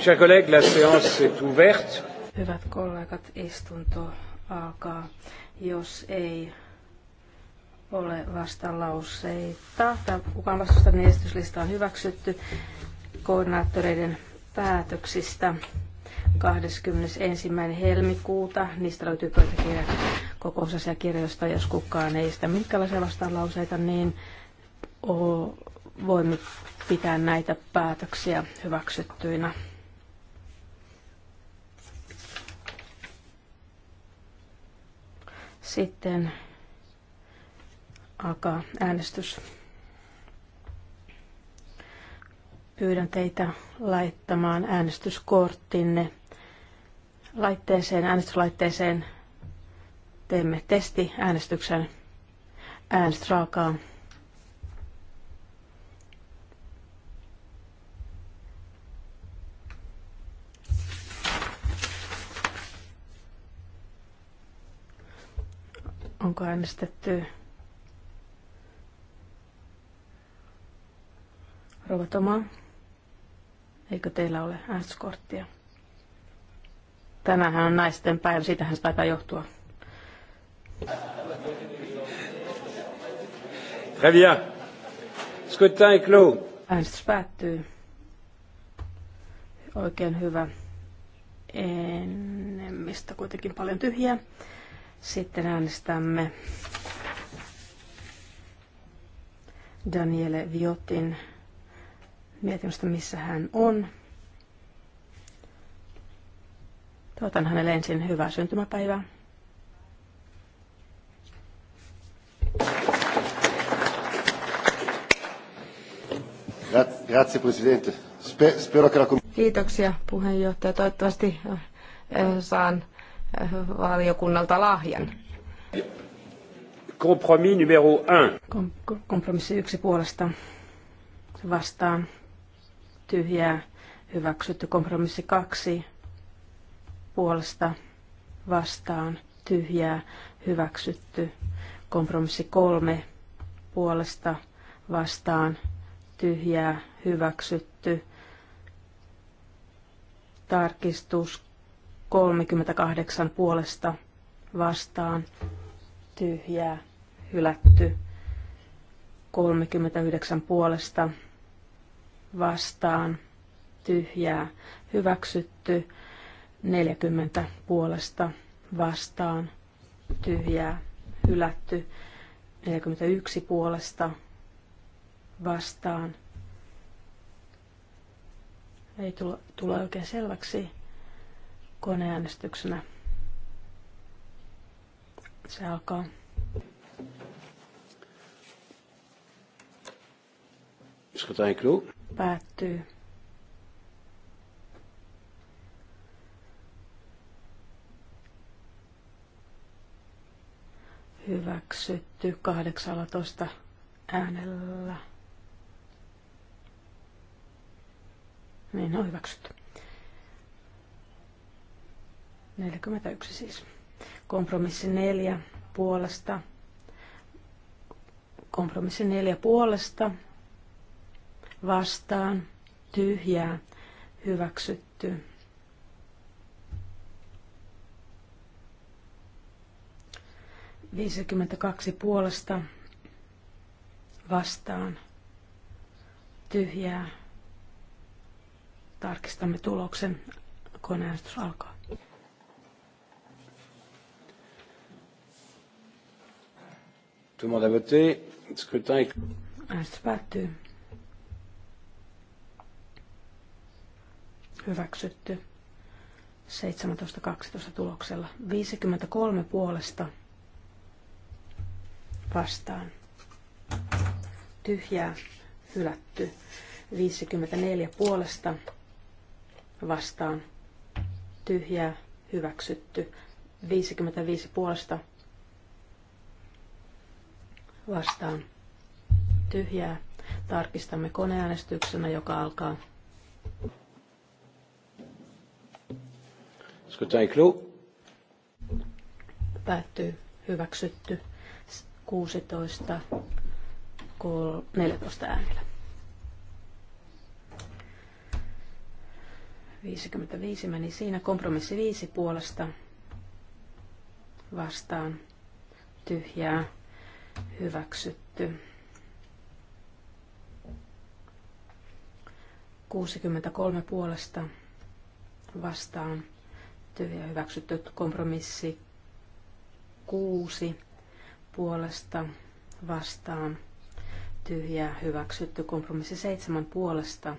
Chers collègues, la séance est ouverte. Hyvät kollegat, istunto alkaa. Jos ei ole vastalauseita tai kukaan vastusta, niin esityslista on hyväksytty koordinaattoreiden päätöksistä 21. helmikuuta. Niistä löytyy pöytäkirjat kokousasiakirjoista, jos kukaan ei sitä minkälaisia vastalauseita, niin voimme pitää näitä päätöksiä hyväksyttyinä. Sitten alkaa äänestys. Pyydän teitä laittamaan äänestyskorttinne laitteeseen, äänestyslaitteeseen. Teemme testi äänestyksen, äänestysraakaan. Onko äänestetty? Rova Toma, eikö teillä ole äänestyskorttia? Tänähän on naisten päivä, siitähän se taitaa johtua. Très bien. Scrutin clos. Äänestys päättyy. Oikein hyvä. Enemmistö kuitenkin paljon tyhjää. Sitten äänestämme Daniele Viotin mietinnöstä, missä hän on. Toivotan hänelle ensin hyvää syntymäpäivää. Grazie Presidente. Spero che la Kiitoksia puheenjohtaja. Toivottavasti eh, saan valiokunnalta lahjan. Kompromissi numero 1. Kompromissi yksi puolesta vastaan tyhjää hyväksytty. Kompromissi kaksi puolesta vastaan tyhjää hyväksytty. Kompromissi kolme puolesta vastaan tyhjää hyväksytty. Tarkistus 38 puolesta vastaan tyhjää hylätty. 39 puolesta vastaan tyhjää hyväksytty. 40 puolesta vastaan tyhjää hylätty. 41 puolesta vastaan. Ei tule, tule oikein selväksi koneäänestyksenä. Se alkaa. Päättyy. Hyväksytty 18 äänellä. Niin on hyväksytty. 41 siis. Kompromissi 4 puolesta. Kompromissi 4 puolesta. Vastaan. Tyhjää. Hyväksytty. Viisikymmentäkaksi puolesta vastaan tyhjää. Tarkistamme tuloksen. Koneäänestys alkaa. Tout le monde a voté. Scrutin est... clos. Ah, hyväksytty. 17.12 tuloksella. 53 puolesta vastaan. Tyhjää hylätty. 54 puolesta vastaan. Tyhjää hyväksytty. 55 puolesta vastaan vastaan tyhjää. Tarkistamme koneäänestyksenä, joka alkaa. Scrutin clos. Päättyy. Hyväksytty. 16, 14 äänellä. 55 meni siinä. Kompromissi 5 puolesta vastaan tyhjää hyväksytty. 63 puolesta vastaan tyhjä hyväksytty kompromissi 6 puolesta vastaan tyhjää hyväksytty kompromissi 7 puolesta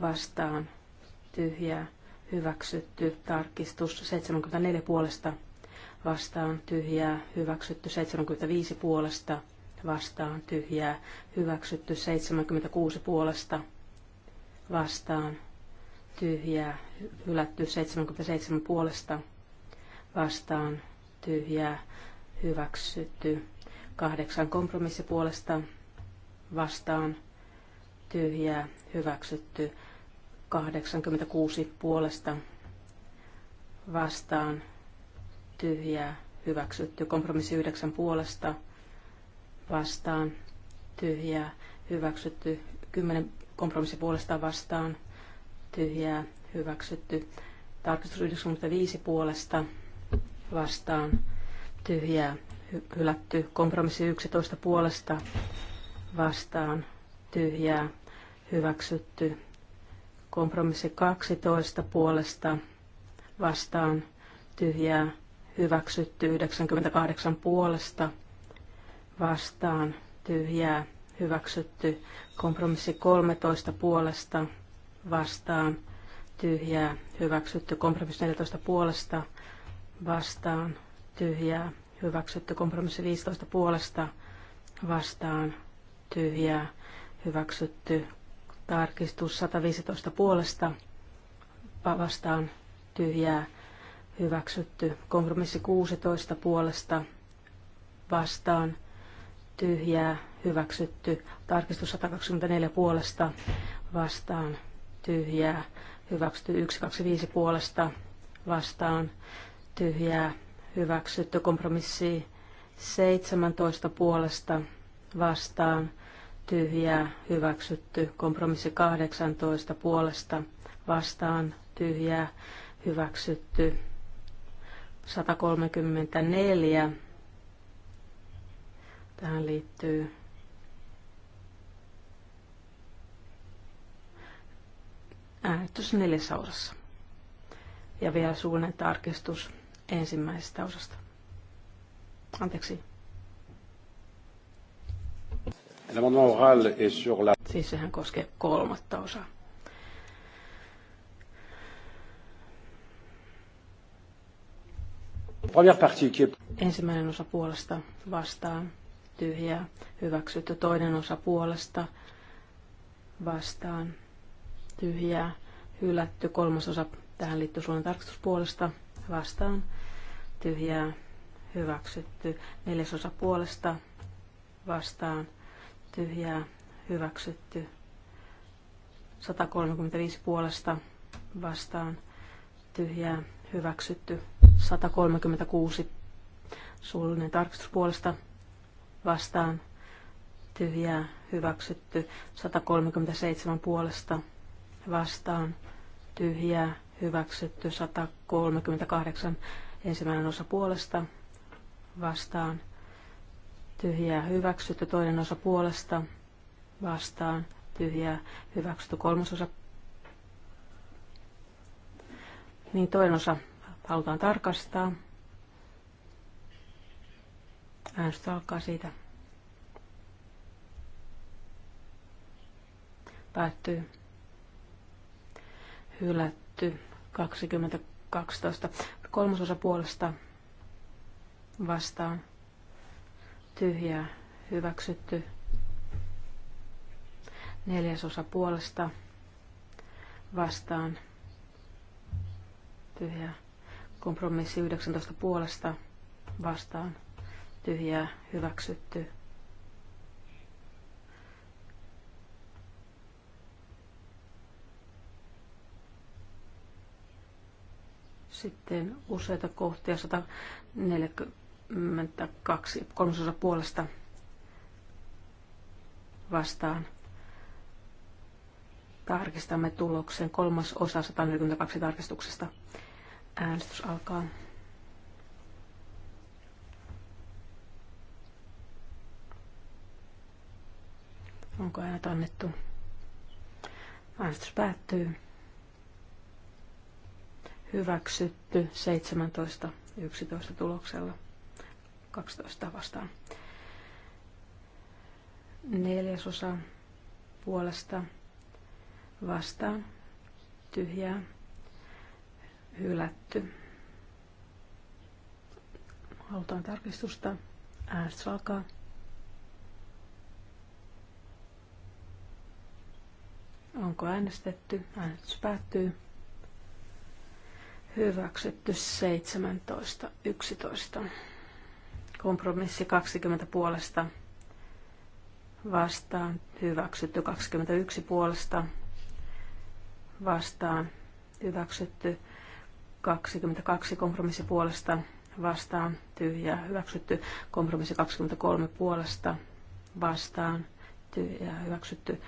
vastaan tyhjää hyväksytty tarkistus 74 puolesta vastaan tyhjää, hyväksytty 75 puolesta, vastaan tyhjää, hyväksytty 76 puolesta, vastaan tyhjää, hylätty 77 puolesta, vastaan tyhjää, hyväksytty kahdeksan kompromissi puolesta, vastaan tyhjää, hyväksytty 86 puolesta, vastaan tyhjää, hyväksytty. Kompromissi yhdeksän puolesta vastaan, tyhjää, hyväksytty. kymmenen kompromissi puolesta vastaan, tyhjää, hyväksytty. Tarkistus 95 puolesta vastaan, tyhjää, hylätty. Kompromissi 11 puolesta vastaan, tyhjää, hyväksytty. Kompromissi 12 puolesta vastaan, tyhjää, hyväksytty 98 puolesta vastaan tyhjää hyväksytty kompromissi 13 puolesta vastaan tyhjää hyväksytty kompromissi 14 puolesta vastaan tyhjää hyväksytty kompromissi 15 puolesta vastaan tyhjää hyväksytty tarkistus 115 puolesta vastaan tyhjää hyväksytty. Kompromissi 16 puolesta vastaan tyhjää hyväksytty. Tarkistus 124 puolesta vastaan tyhjää hyväksytty. 125 puolesta vastaan tyhjää hyväksytty. Kompromissi 17 puolesta vastaan tyhjää hyväksytty. Kompromissi 18 puolesta vastaan tyhjää hyväksytty. 134. Tähän liittyy äänestys neljässä osassa. Ja vielä suullinen tarkistus ensimmäisestä osasta. Anteeksi. Siis sehän koskee kolmatta osaa. Ensimmäinen osa puolesta vastaan tyhjää hyväksytty. Toinen osa puolesta vastaan tyhjää hylätty. Kolmas osa tähän liittyy Suomen tarkastuspuolesta vastaan tyhjää hyväksytty. Neljäs osa puolesta vastaan tyhjää hyväksytty. 135 puolesta vastaan tyhjää hyväksytty. 136 suullinen tarkistus puolesta vastaan tyhjää hyväksytty. 137 puolesta vastaan tyhjää hyväksytty. 138 ensimmäinen osa puolesta vastaan tyhjää hyväksytty. Toinen osa puolesta vastaan tyhjää hyväksytty. Kolmas osa niin toinen osa halutaan tarkastaa. Äänestys alkaa siitä. Päättyy. Hylätty 2012. Kolmasosa puolesta vastaan. Tyhjää hyväksytty. Neljäsosa puolesta vastaan. Tyhjää Kompromissi 19 puolesta vastaan tyhjää hyväksytty. Sitten useita kohtia 142 kolmasosa puolesta vastaan. Tarkistamme tuloksen kolmas osa 142 tarkistuksesta. Äänestys alkaa. Onko äänet annettu? Äänestys päättyy. Hyväksytty 17, 11 tuloksella, 12 vastaan. Neljäsosa puolesta vastaan, tyhjää, Hylätty. Halutaan tarkistusta. Äänestys alkaa. Onko äänestetty? Äänestys päättyy. Hyväksytty 17.11. Kompromissi 20 puolesta vastaan. Hyväksytty 21 puolesta vastaan. Hyväksytty 22 kompromissi puolesta vastaan tyhjää hyväksytty. Kompromissi 23 puolesta vastaan tyhjää hyväksytty.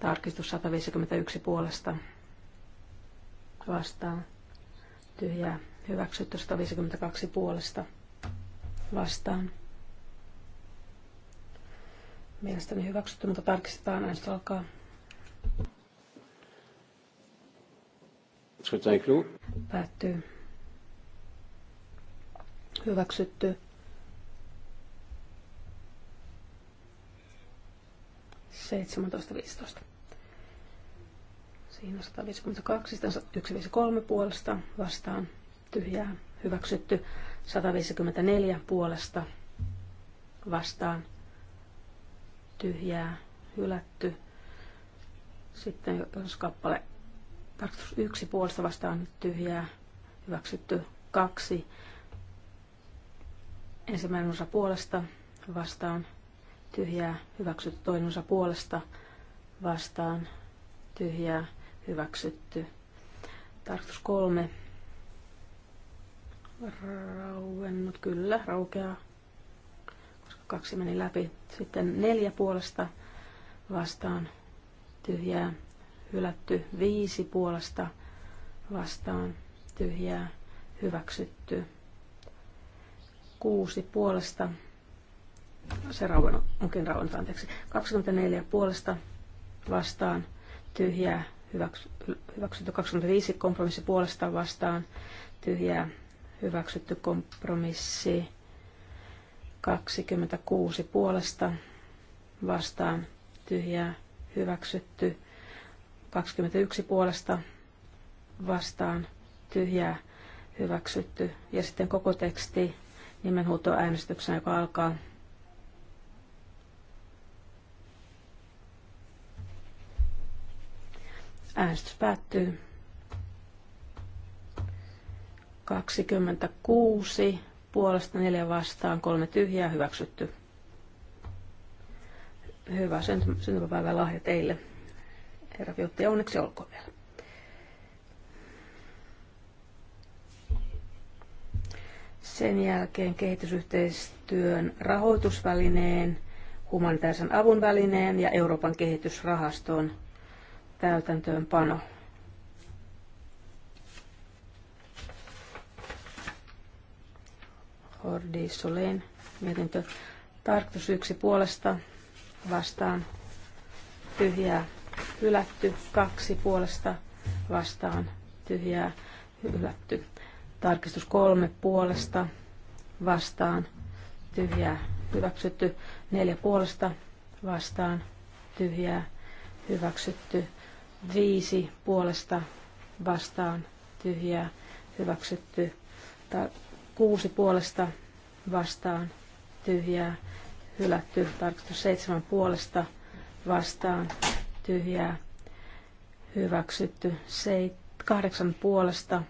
Tarkistus 151 puolesta vastaan tyhjää hyväksytty. 152 puolesta vastaan. Mielestäni hyväksytty, mutta tarkistetaan äänestys alkaa. Scrutin clos. Päättyy. Hyväksytty. Seitsemäntoista viisitoista. Siinä 152, 153 puolesta vastaan tyhjää hyväksytty. 154 puolesta vastaan tyhjää hylätty. Sitten jos kappale Tarkistus yksi puolesta vastaan tyhjää, hyväksytty kaksi. Ensimmäinen osa puolesta vastaan tyhjää, hyväksytty toinen osa puolesta vastaan tyhjää, hyväksytty. Tarkistus kolme. Rauennut, kyllä, raukeaa, koska kaksi meni läpi. Sitten neljä puolesta vastaan tyhjää, hylätty, viisi puolesta vastaan tyhjää hyväksytty, kuusi puolesta, se rauhan, onkin rauhan, anteeksi, 24 puolesta vastaan tyhjää hyväksytty, 25 kompromissi puolesta vastaan tyhjää hyväksytty kompromissi, 26 puolesta vastaan tyhjää hyväksytty 21 puolesta vastaan tyhjää hyväksytty. Ja sitten koko teksti nimenhuutoäänestyksenä, joka alkaa. Äänestys päättyy. 26 puolesta, 4 vastaan, kolme tyhjää hyväksytty. Hyvää syntymäpäivää lahja teille herra Viotti, onneksi olkoon vielä. Sen jälkeen kehitysyhteistyön rahoitusvälineen, humanitaarisen avun välineen ja Euroopan kehitysrahaston täytäntöönpano. Hordi Solein mietintö. Tarkoitus yksi puolesta vastaan tyhjää hylätty, kaksi puolesta vastaan tyhjää hylätty. Tarkistus kolme puolesta vastaan tyhjää hyväksytty, neljä puolesta vastaan tyhjää hyväksytty, viisi puolesta vastaan tyhjää hyväksytty, tar- kuusi puolesta vastaan tyhjää hylätty, tarkistus seitsemän puolesta vastaan tyhjää hyväksytty. Seit, kahdeksan puolesta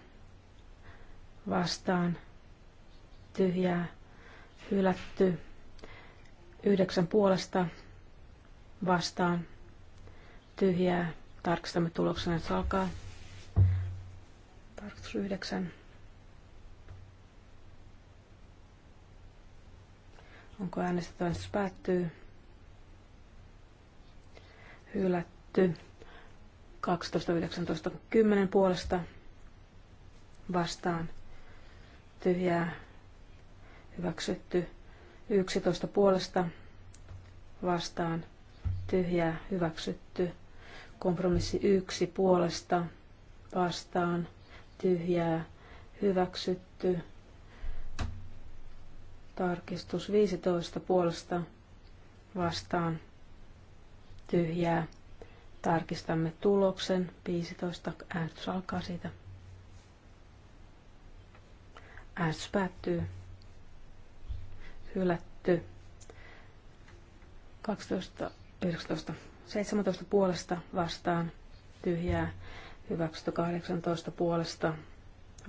vastaan tyhjää hylätty. Yhdeksän puolesta vastaan tyhjää. Tarkistamme tuloksena, että alkaa. Tarkistus yhdeksän. Onko äänestäjä päättyy? hylätty. 12.19.10 10 puolesta vastaan tyhjää hyväksytty. 11 puolesta vastaan tyhjää hyväksytty. Kompromissi 1 puolesta vastaan tyhjää hyväksytty. Tarkistus 15 puolesta vastaan tyhjää. Tarkistamme tuloksen. 15. Äänestys alkaa siitä. Äänestys päättyy. Hylätty. 12, 19, 17 puolesta vastaan. Tyhjää. Hyväksytty 18 puolesta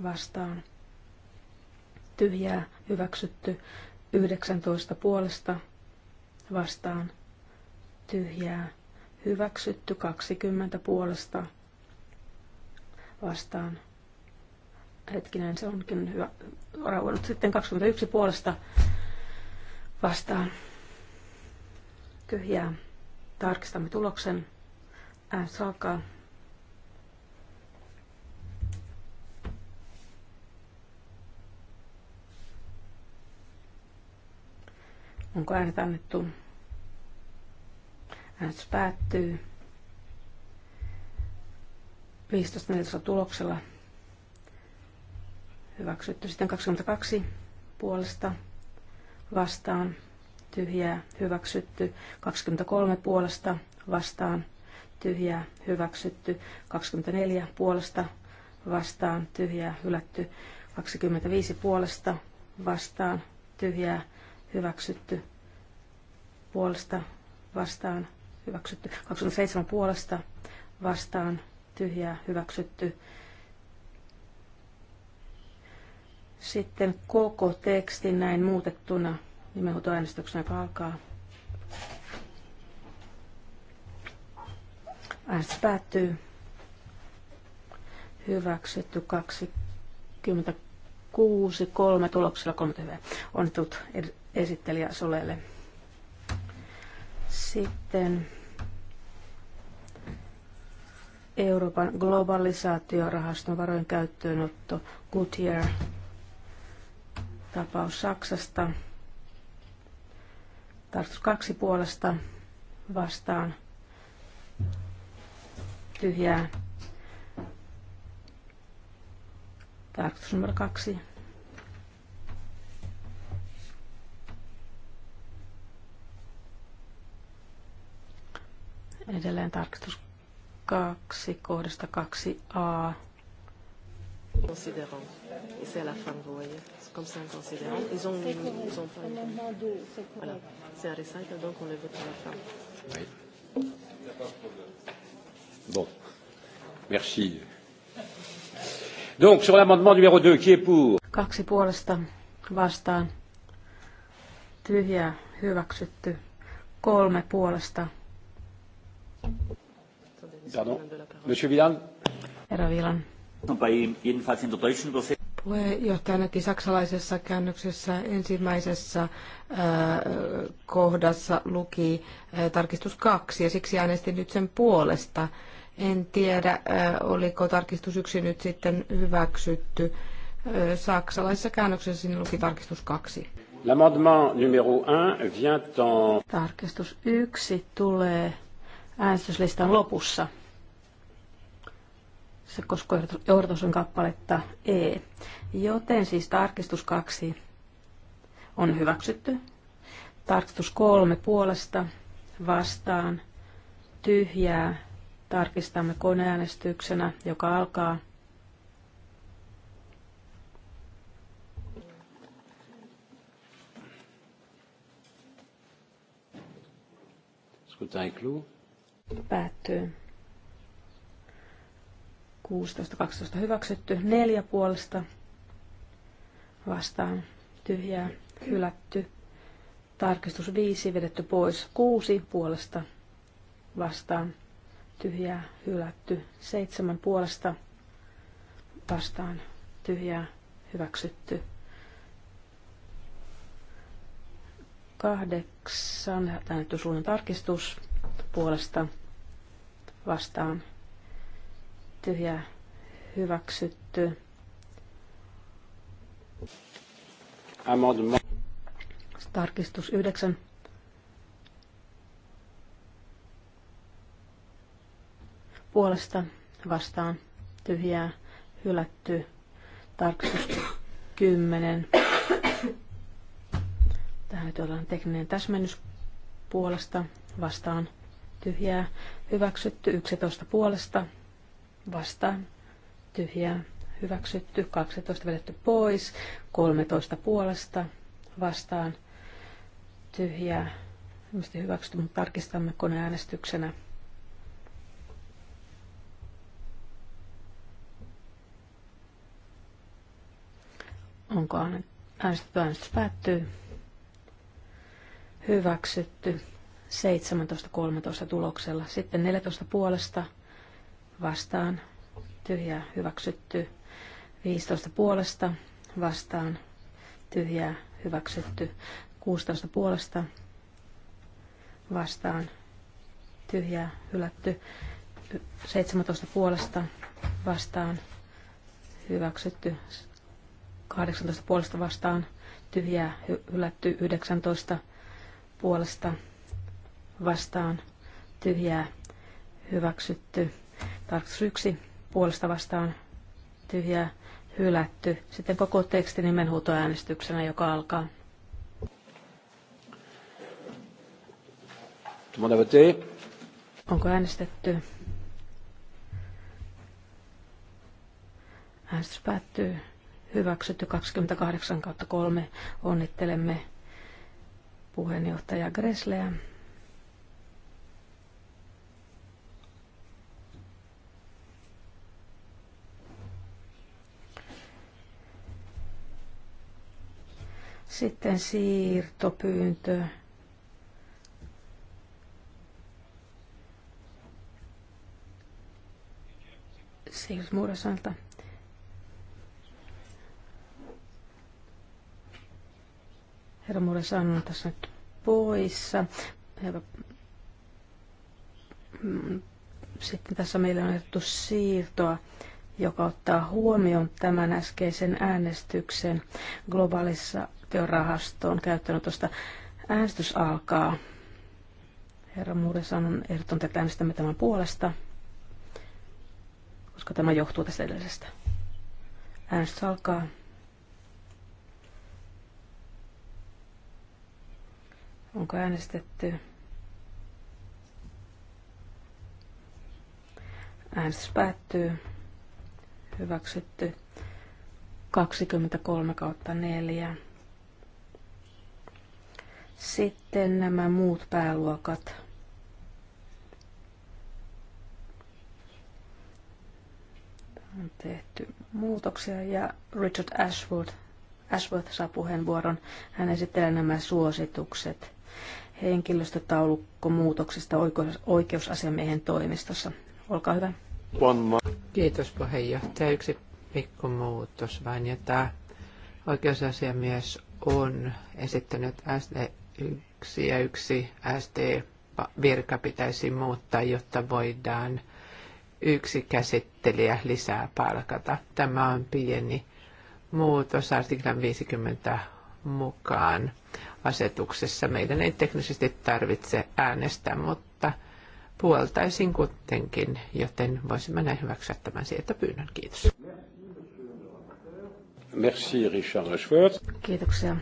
vastaan. Tyhjää. Hyväksytty 19 puolesta vastaan tyhjää hyväksytty 20 puolesta vastaan. Hetkinen, se onkin hyvä. Rauennut sitten 21 puolesta vastaan. Tyhjää. Tarkistamme tuloksen. Äänestys alkaa. Onko äänet annettu? Äänestys päättyy. 15 tuloksella. Hyväksytty sitten 22 puolesta vastaan tyhjää hyväksytty. 23 puolesta vastaan tyhjää hyväksytty. 24 puolesta vastaan tyhjää hylätty. 25 puolesta vastaan tyhjää hyväksytty. Puolesta vastaan hyväksytty. 27 puolesta vastaan tyhjää hyväksytty. Sitten koko teksti näin muutettuna nimenhuutoäänestyksenä, joka alkaa. Äänestys päättyy. Hyväksytty 26, kolme tuloksella kolme hyvää. Onnitut esittelijä Solelle. Sitten Euroopan globalisaatiorahaston varojen käyttöönotto Goodyear tapaus Saksasta. Tartus kaksi puolesta vastaan tyhjää. Tartus numero kaksi Edelleen tarkistus 2 kohdasta 2a. Considérant. Et c'est à la fin, vous voyez. C'est comme ça, en considérant. Ils ont, ils ont pas. Voilà. C'est un récit, donc on le vote à la fin. Oui. Bon. Merci. Donc, sur l'amendement numéro 2, qui est pour Kaksi puolesta vastaan. Tyhjää hyväksytty. Kolme puolesta Pardon. Monsieur Vilan. Herra Vilan. saksalaisessa käännöksessä ensimmäisessä äh, kohdassa luki äh, tarkistus kaksi ja siksi äänestin nyt sen puolesta. En tiedä, äh, oliko tarkistus yksi nyt sitten hyväksytty. Saksalaisessa käännöksessä sinne luki tarkistus kaksi. L'amendement numéro 1 vient en... Tarkistus yksi tulee äänestyslistan lopussa. Se koskee Ortoson kappaletta E. Joten siis tarkistus 2 on hyväksytty. Tarkistus 3 puolesta vastaan tyhjää. Tarkistamme koneäänestyksenä, joka alkaa. Scrutin clos. Päättyy. 16-12 hyväksytty. neljä puolesta vastaan. Tyhjää. Hylätty. Tarkistus 5 vedetty pois. 6 puolesta vastaan. Tyhjää. Hylätty. 7 puolesta vastaan. Tyhjää. Hyväksytty. kahdeksan äänetty suunnan tarkistus puolesta vastaan tyhjä hyväksytty. Tarkistus 9. Puolesta vastaan tyhjää hylätty. Tarkistus 10. Tähän nyt ollaan tekninen täsmennys puolesta vastaan tyhjää, hyväksytty 11 puolesta, vastaan, tyhjää, hyväksytty 12 vedetty pois, 13 puolesta, vastaan, tyhjää, ilmeisesti hyväksytty, mutta tarkistamme koneäänestyksenä. Onko äänestys päättyy? Hyväksytty. 17-13 tuloksella. Sitten 14 puolesta vastaan tyhjää hyväksytty. 15 puolesta vastaan tyhjää hyväksytty. 16 puolesta vastaan tyhjää hylätty. 17 puolesta vastaan hyväksytty. 18 puolesta vastaan tyhjää hylätty. 19 puolesta vastaan, vastaan tyhjää hyväksytty. Tarkoitus yksi puolesta vastaan tyhjää hylätty. Sitten koko teksti nimenhuutoäänestyksenä, joka alkaa. Onko äänestetty? Äänestys päättyy. Hyväksytty 28 kautta 3. Onnittelemme puheenjohtaja Gresleä. Sitten siirtopyyntö. Siirtomuodosanalta. Herra Muurasan on tässä nyt poissa. Herra mm, sitten tässä meillä on ehdotettu siirtoa, joka ottaa huomioon tämän äskeisen äänestyksen globaalissa koheesiorahaston käyttöönotosta. Äänestys alkaa. Herra Muure on ehdottanut, että äänestämme tämän puolesta, koska tämä johtuu tästä edellisestä. Äänestys alkaa. Onko äänestetty? Äänestys päättyy. Hyväksytty 23 kautta 4. Sitten nämä muut pääluokat. On tehty muutoksia ja Richard Ashworth, Ashworth saa puheenvuoron. Hän esittelee nämä suositukset henkilöstötaulukkomuutoksista oikeusasiamiehen toimistossa. Olkaa hyvä. Kiitos puheenjohtaja. Yksi pikku muutos vain, tämä oikeusasiamies on esittänyt SD e yksi ja yksi ST-virka pitäisi muuttaa, jotta voidaan yksi käsittelijä lisää palkata. Tämä on pieni muutos artiklan 50 mukaan asetuksessa. Meidän ei teknisesti tarvitse äänestää, mutta puoltaisin kuitenkin, joten voisimme näin hyväksyä tämän pyynnön Kiitos. Merci Richard Kiitoksia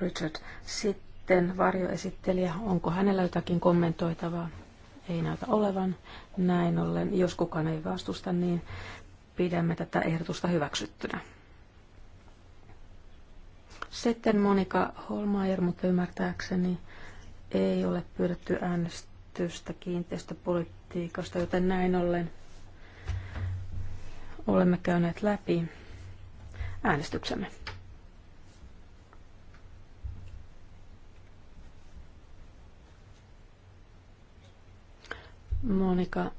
Richard. Sitten sitten varjoesittelijä, onko hänellä jotakin kommentoitavaa? Ei näytä olevan. Näin ollen, jos kukaan ei vastusta, niin pidämme tätä ehdotusta hyväksyttynä. Sitten Monika Holmaier, mutta ymmärtääkseni ei ole pyydetty äänestystä kiinteistöpolitiikasta, joten näin ollen olemme käyneet läpi äänestyksemme. Monika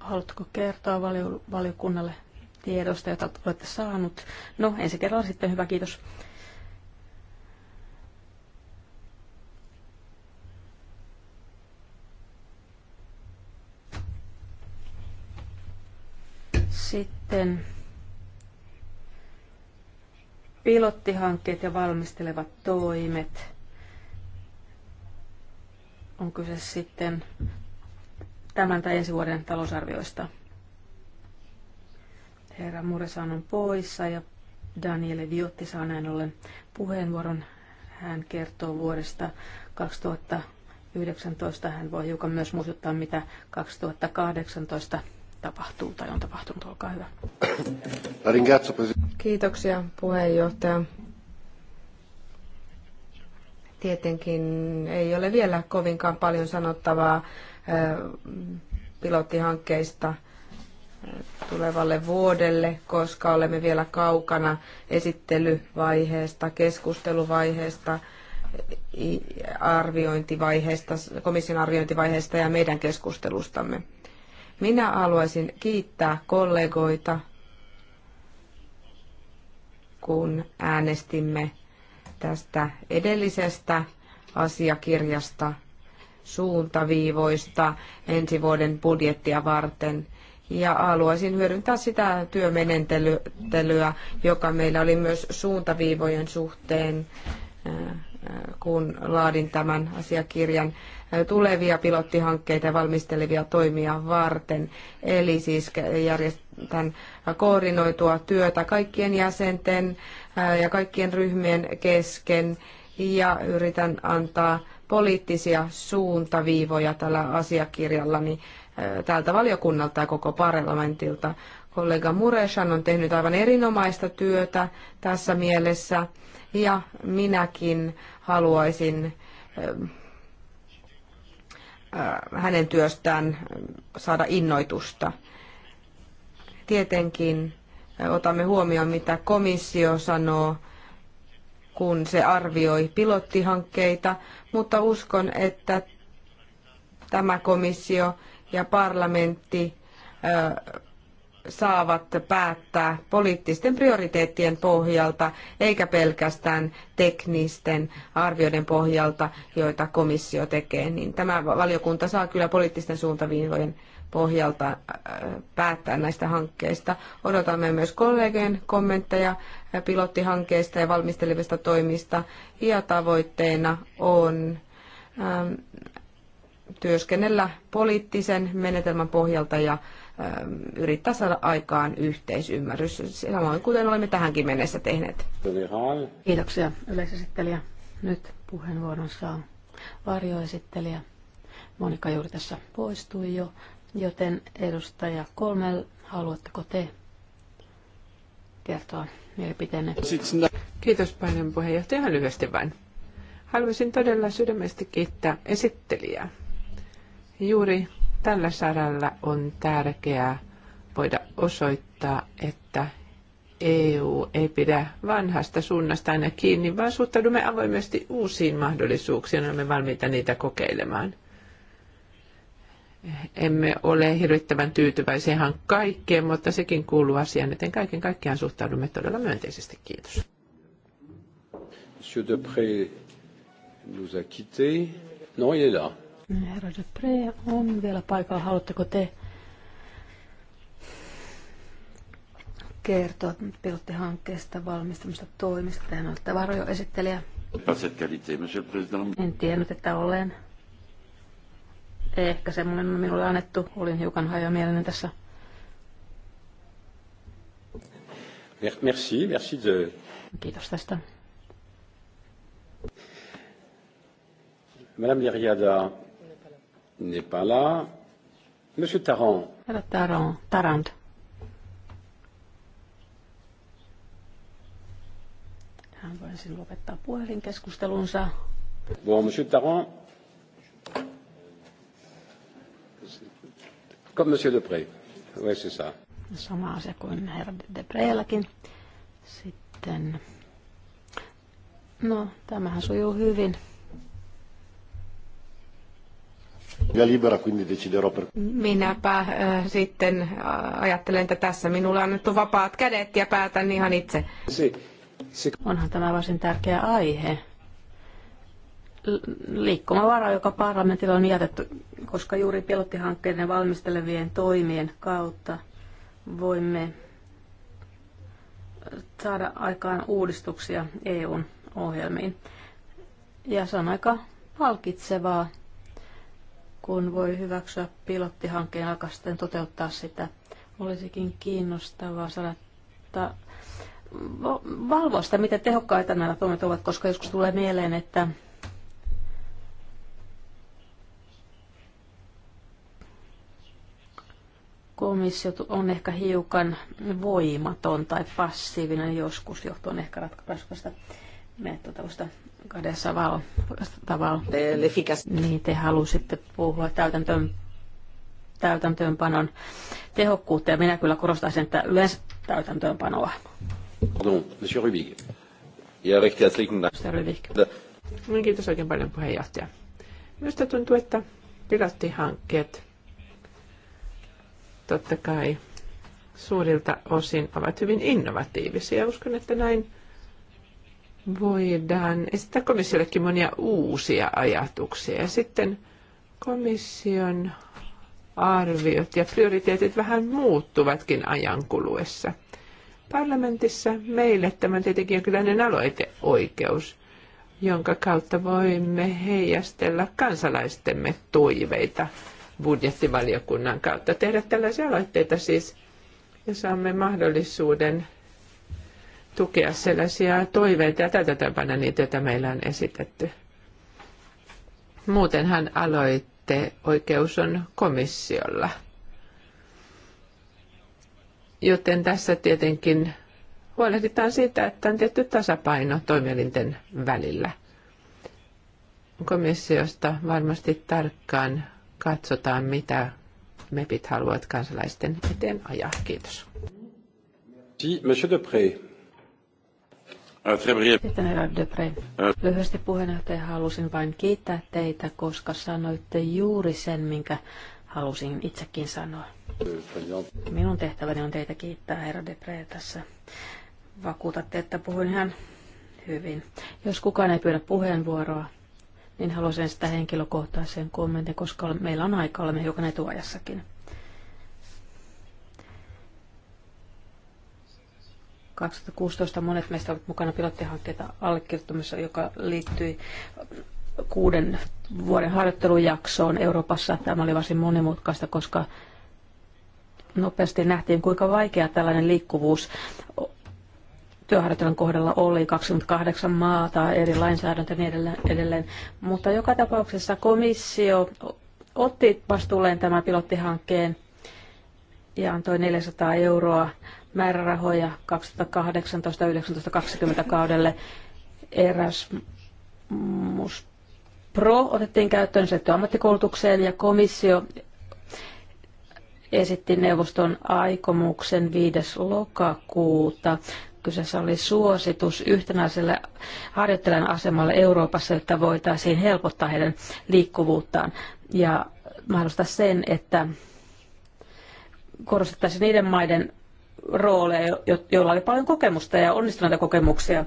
haluatko kertoa valiokunnalle tiedosta, jota olette saanut? No, ensi kerralla sitten hyvä, kiitos. Sitten pilottihankkeet ja valmistelevat toimet on kyse sitten tämän tai ensi vuoden talousarvioista. Herra Muresan on poissa ja Daniele Viotti saa näin ollen puheenvuoron. Hän kertoo vuodesta 2019. Hän voi hiukan myös muistuttaa, mitä 2018 tapahtuu tai on tapahtunut. Olkaa hyvä. Kiitoksia puheenjohtaja tietenkin ei ole vielä kovinkaan paljon sanottavaa pilottihankkeista tulevalle vuodelle, koska olemme vielä kaukana esittelyvaiheesta, keskusteluvaiheesta, arviointivaiheesta, komission arviointivaiheesta ja meidän keskustelustamme. Minä haluaisin kiittää kollegoita, kun äänestimme tästä edellisestä asiakirjasta suuntaviivoista ensi vuoden budjettia varten. Ja haluaisin hyödyntää sitä työmenentelyä, joka meillä oli myös suuntaviivojen suhteen kun laadin tämän asiakirjan tulevia pilottihankkeita ja valmistelevia toimia varten. Eli siis järjestän koordinoitua työtä kaikkien jäsenten ja kaikkien ryhmien kesken ja yritän antaa poliittisia suuntaviivoja tällä asiakirjallani tältä valiokunnalta ja koko parlamentilta. Kollega Mureshan on tehnyt aivan erinomaista työtä tässä mielessä ja minäkin haluaisin hänen työstään saada innoitusta. Tietenkin otamme huomioon, mitä komissio sanoo, kun se arvioi pilottihankkeita, mutta uskon, että tämä komissio ja parlamentti saavat päättää poliittisten prioriteettien pohjalta, eikä pelkästään teknisten arvioiden pohjalta, joita komissio tekee. Niin tämä valiokunta saa kyllä poliittisten suuntaviivojen pohjalta äh, päättää näistä hankkeista. Odotamme myös kollegien kommentteja äh, pilottihankkeista ja valmistelevista toimista. Ja tavoitteena on ähm, työskennellä poliittisen menetelmän pohjalta ja Ähm, yrittää saada aikaan yhteisymmärrys, samoin kuten olemme tähänkin mennessä tehneet. Kiitoksia yleisesittelijä. Nyt puheenvuoron saa varjoesittelijä. Monika juuri tässä poistui jo, joten edustaja Kolmel, haluatteko te kertoa mielipiteenne? Kiitos paljon puheenjohtaja, ihan lyhyesti vain. Haluaisin todella sydämestä kiittää esittelijää. Juuri Tällä saralla on tärkeää voida osoittaa, että EU ei pidä vanhasta suunnasta aina kiinni, vaan suhtaudumme avoimesti uusiin mahdollisuuksiin, ja olemme valmiita niitä kokeilemaan. Emme ole hirvittävän tyytyväisiä ihan kaikkeen, mutta sekin kuuluu asiaan, joten kaiken kaikkiaan suhtaudumme todella myönteisesti. Kiitos. Monsieur Depré nous a quittés. Non, il est là. Herra Dupre on vielä paikalla. Haluatteko te kertoa pilottihankkeesta, valmistamista toimista? ole olette esittelijä. En tiennyt, että olen. Ehkä semmoinen on minulle annettu. Olin hiukan hajamielinen tässä. Merci, merci de... Kiitos tästä. Madame Liriada, n'est pas là. Monsieur Tarand. Herra Tarand. Hän voisi lopettaa puhelinkeskustelunsa. Bon, monsieur Tarand. Comme monsieur Depré. Oui, c'est ça. Sama asia kuin herra Depreelläkin. Sitten, no tämähän sujuu hyvin. Minäpä äh, sitten äh, ajattelen, että tässä minulla on nyt vapaat kädet ja päätän ihan itse. Onhan tämä varsin tärkeä aihe. Liikkumavara, joka parlamentilla on jätetty, koska juuri pilottihankkeiden valmistelevien toimien kautta voimme saada aikaan uudistuksia EUn ohjelmiin. Ja se on aika palkitsevaa kun voi hyväksyä pilottihankkeen alkaa sitten toteuttaa sitä. Olisikin kiinnostavaa saada ta- valvoa sitä, miten tehokkaita nämä toimet ovat, koska joskus tulee mieleen, että komissio on ehkä hiukan voimaton tai passiivinen joskus johtuen ehkä ratkaisusta menettelytavoista. Kadesavalo, tavalla. Niin te halusitte puhua täytäntöön, täytäntöönpanon tehokkuutta ja minä kyllä korostaisin, että yleensä täytäntöönpanoa. Pardon, monsieur Rubik. Ja Rubik. Niin, kiitos oikein paljon puheenjohtaja. Minusta tuntuu, että pilottihankkeet totta kai suurilta osin ovat hyvin innovatiivisia. Uskon, että näin voidaan esittää komissiollekin monia uusia ajatuksia. Ja sitten komission arviot ja prioriteetit vähän muuttuvatkin ajan kuluessa. Parlamentissa meille tämä tietenkin on jonkinlainen aloiteoikeus, jonka kautta voimme heijastella kansalaistemme toiveita budjettivaliokunnan kautta. Tehdä tällaisia aloitteita siis, ja saamme mahdollisuuden tukea sellaisia toiveita ja tapana niitä, joita meillä on esitetty. hän aloitte oikeus on komissiolla. Joten tässä tietenkin huolehditaan siitä, että on tietty tasapaino toimielinten välillä. Komissiosta varmasti tarkkaan katsotaan, mitä MEPit haluavat kansalaisten eteen ajaa. Kiitos. Monsieur Depré. Äh, äh. Lyhyesti puheenjohtaja, halusin vain kiittää teitä, koska sanoitte juuri sen, minkä halusin itsekin sanoa. Minun tehtäväni on teitä kiittää, herra Pre, tässä. Vakuutatte, että puhuin ihan hyvin. Jos kukaan ei pyydä puheenvuoroa, niin haluaisin sitä henkilökohtaisen kommentin, koska meillä on aika, olemme hiukan etuajassakin. 2016 monet meistä ovat mukana pilottihankkeita allekirjoittamassa, joka liittyi kuuden vuoden harjoittelujaksoon Euroopassa. Tämä oli varsin monimutkaista, koska nopeasti nähtiin, kuinka vaikea tällainen liikkuvuus työharjoittelun kohdalla oli 28 maata, eri lainsäädäntö ja niin edelleen. Mutta joka tapauksessa komissio otti vastuulleen tämän pilottihankkeen ja antoi 400 euroa määrärahoja 2018 19 20 kaudelle. Erasmus Pro otettiin käyttöön se ammattikoulutukseen ja komissio esitti neuvoston aikomuksen 5. lokakuuta. Kyseessä oli suositus yhtenäiselle harjoittelijan asemalle Euroopassa, jotta voitaisiin helpottaa heidän liikkuvuuttaan ja mahdollistaa sen, että korostettaisiin niiden maiden rooleja, joilla oli paljon kokemusta ja onnistuneita kokemuksia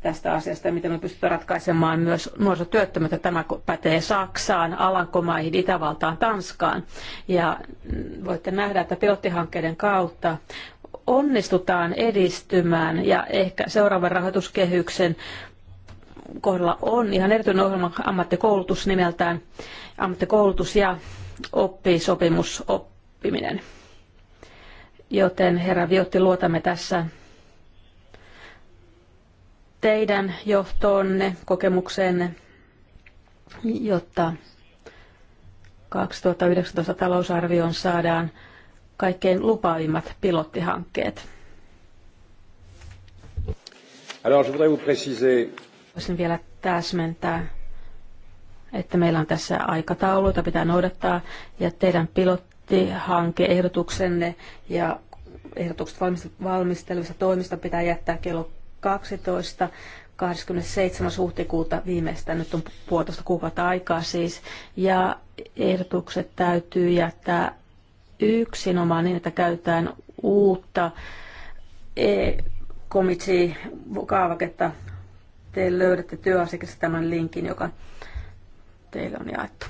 tästä asiasta, miten me pystytään ratkaisemaan myös nuorisotyöttömyyttä. Tämä pätee Saksaan, Alankomaihin, Itävaltaan, Tanskaan. Ja voitte nähdä, että pilottihankkeiden kautta onnistutaan edistymään ja ehkä seuraavan rahoituskehyksen kohdalla on ihan erityinen ohjelma ammattikoulutus nimeltään ammattikoulutus ja oppisopimusoppiminen. Joten herra Viotti, luotamme tässä teidän johtoonne, kokemukseenne, jotta 2019 talousarvioon saadaan kaikkein lupaavimmat pilottihankkeet. Alors, je voudrais vous préciser... Voisin vielä täsmentää, että meillä on tässä jota pitää noudattaa, ja teidän pilot, hankeehdotuksenne ja ehdotukset valmistelevista toimista pitää jättää kello 12. 27. huhtikuuta viimeistään, nyt on puolitoista kuukautta aikaa siis, ja ehdotukset täytyy jättää yksinomaan niin, että käytetään uutta e komitsi kaavaketta. Te löydätte työasiakirjasta tämän linkin, joka teille on jaettu.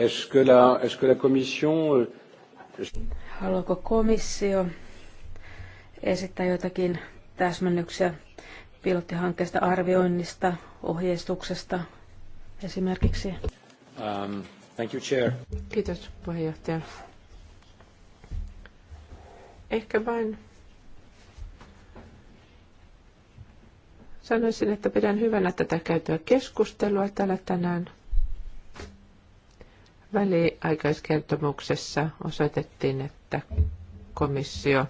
est la, la euh, Haluaako komissio esittää jotakin täsmennyksiä pilottihankkeesta, arvioinnista, ohjeistuksesta esimerkiksi? Um, thank you, chair. Kiitos puheenjohtaja. Ehkä vain sanoisin, että pidän hyvänä tätä käytyä keskustelua täällä tänään. Väliaikaiskertomuksessa osoitettiin, että komissio,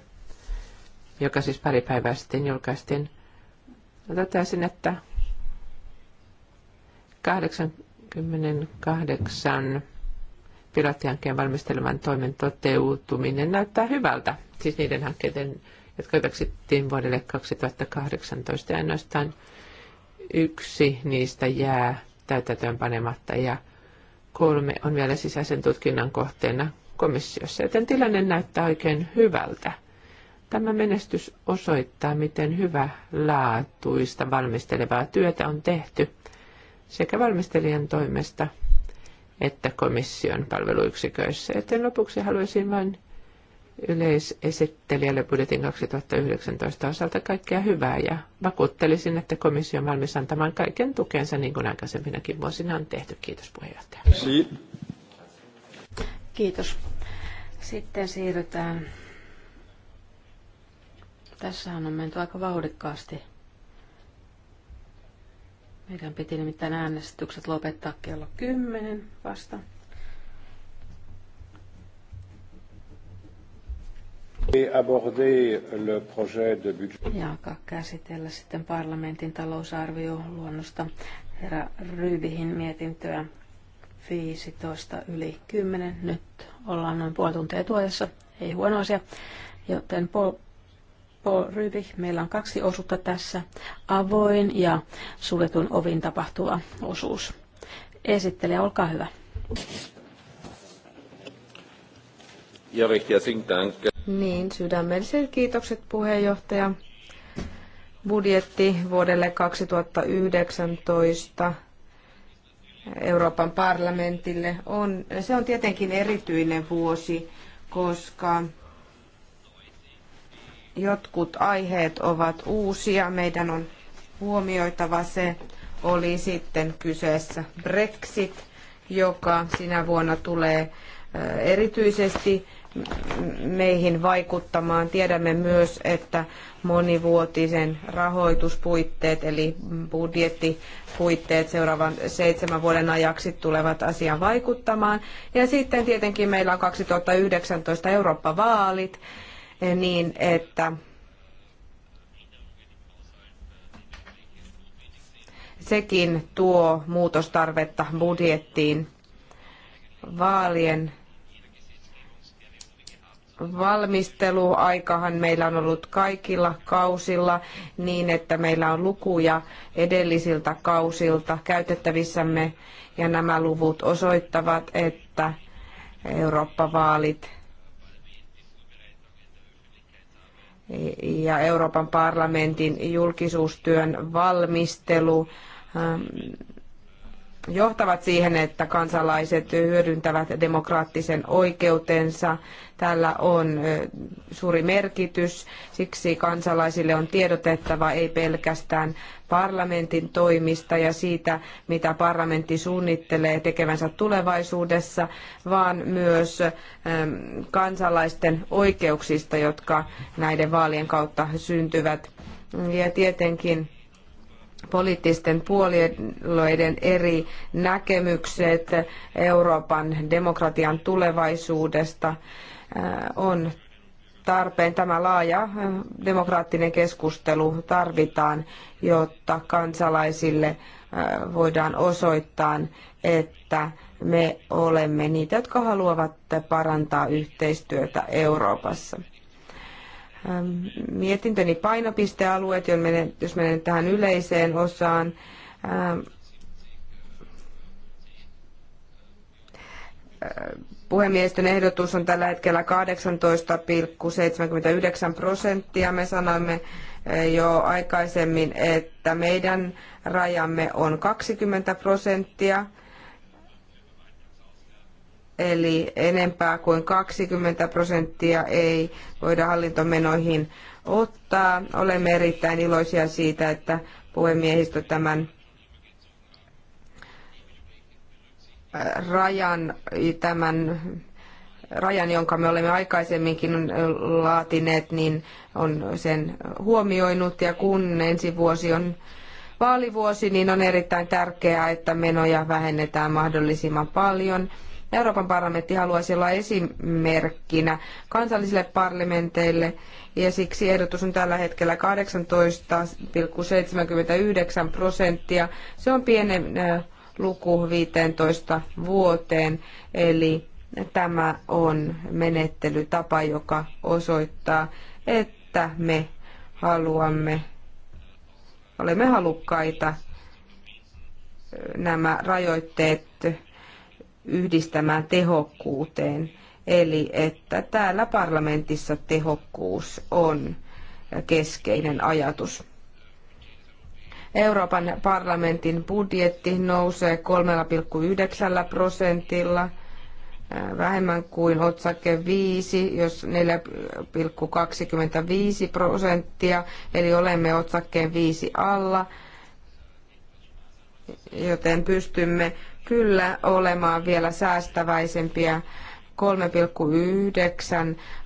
joka siis pari päivää sitten julkaistiin, totesin, että 88 pilottihankkeen valmistelevan toimen toteutuminen näyttää hyvältä. Siis niiden hankkeiden, jotka hyväksyttiin vuodelle 2018, ja ainoastaan yksi niistä jää panematta ja kolme on vielä sisäisen tutkinnan kohteena komissiossa, joten tilanne näyttää oikein hyvältä. Tämä menestys osoittaa, miten hyvä laatuista valmistelevaa työtä on tehty sekä valmistelijan toimesta että komission palveluyksiköissä. Joten lopuksi haluaisin vain yleisesittelijälle budjetin 2019 osalta kaikkea hyvää ja vakuuttelisin, että komissio on valmis antamaan kaiken tukensa niin kuin aikaisempinakin vuosina on tehty. Kiitos puheenjohtaja. Kiitos. Sitten siirrytään. Tässähän on menty aika vauhdikkaasti. Meidän piti nimittäin äänestykset lopettaa kello 10 vasta. Ja käsitellä sitten parlamentin talousarvioluonnosta herra Ryyvihin mietintöä 15 yli 10. Nyt ollaan noin puoli tuntia tuojassa, ei huono asia. Joten Paul, Paul Ryby, meillä on kaksi osuutta tässä, avoin ja suljetun ovin tapahtuva osuus. Esittelijä, olkaa hyvä. Ja richtig, dank. Niin, sydämelliset kiitokset puheenjohtaja. Budjetti vuodelle 2019 Euroopan parlamentille on, se on tietenkin erityinen vuosi, koska jotkut aiheet ovat uusia. Meidän on huomioitava se, oli sitten kyseessä Brexit, joka sinä vuonna tulee erityisesti meihin vaikuttamaan. Tiedämme myös, että monivuotisen rahoituspuitteet eli budjettipuitteet seuraavan seitsemän vuoden ajaksi tulevat asiaan vaikuttamaan. Ja sitten tietenkin meillä on 2019 Eurooppa-vaalit eh, niin, että sekin tuo muutostarvetta budjettiin vaalien valmisteluaikahan meillä on ollut kaikilla kausilla niin, että meillä on lukuja edellisiltä kausilta käytettävissämme ja nämä luvut osoittavat, että Eurooppa-vaalit ja Euroopan parlamentin julkisuustyön valmistelu ähm, johtavat siihen, että kansalaiset hyödyntävät demokraattisen oikeutensa. Tällä on suuri merkitys, siksi kansalaisille on tiedotettava ei pelkästään parlamentin toimista ja siitä, mitä parlamentti suunnittelee tekevänsä tulevaisuudessa, vaan myös kansalaisten oikeuksista, jotka näiden vaalien kautta syntyvät. Ja tietenkin poliittisten puolueiden eri näkemykset Euroopan demokratian tulevaisuudesta äh, on tarpeen. Tämä laaja äh, demokraattinen keskustelu tarvitaan, jotta kansalaisille äh, voidaan osoittaa, että me olemme niitä, jotka haluavat parantaa yhteistyötä Euroopassa. Ähm, mietintöni painopistealueet, jos menen tähän yleiseen osaan. Ähm, Puhemiesten ehdotus on tällä hetkellä 18,79 prosenttia. Me sanoimme äh, jo aikaisemmin, että meidän rajamme on 20 prosenttia eli enempää kuin 20 prosenttia ei voida hallintomenoihin ottaa. Olemme erittäin iloisia siitä, että puhemiehistö tämän äh, rajan, tämän rajan, jonka me olemme aikaisemminkin laatineet, niin on sen huomioinut. Ja kun ensi vuosi on vaalivuosi, niin on erittäin tärkeää, että menoja vähennetään mahdollisimman paljon. Euroopan parlamentti haluaisi olla esimerkkinä kansallisille parlamenteille ja siksi ehdotus on tällä hetkellä 18,79 prosenttia. Se on pienen luku 15 vuoteen, eli tämä on menettelytapa, joka osoittaa, että me haluamme, olemme halukkaita nämä rajoitteet yhdistämään tehokkuuteen. Eli että täällä parlamentissa tehokkuus on keskeinen ajatus. Euroopan parlamentin budjetti nousee 3,9 prosentilla äh, – vähemmän kuin otsake 5, jos 4,25 prosenttia, eli olemme otsakkeen 5 alla, joten pystymme kyllä olemaan vielä säästäväisempiä.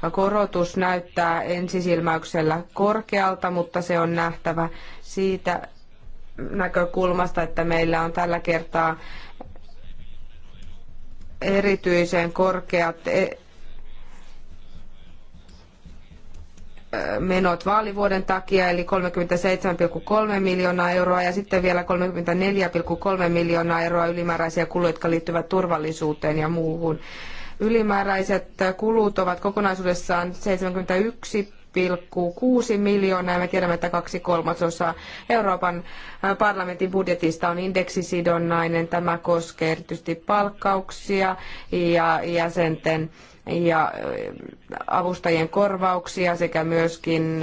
3,9 korotus näyttää ensisilmäyksellä korkealta, mutta se on nähtävä siitä näkökulmasta, että meillä on tällä kertaa erityisen korkeat e- menot vaalivuoden takia, eli 37,3 miljoonaa euroa ja sitten vielä 34,3 miljoonaa euroa ylimääräisiä kuluja, jotka liittyvät turvallisuuteen ja muuhun. Ylimääräiset kulut ovat kokonaisuudessaan 71 1,6 miljoonaa. Me tiedämme, että kaksi kolmasosaa Euroopan parlamentin budjetista on indeksisidonnainen. Tämä koskee erityisesti palkkauksia ja jäsenten ja avustajien korvauksia sekä myöskin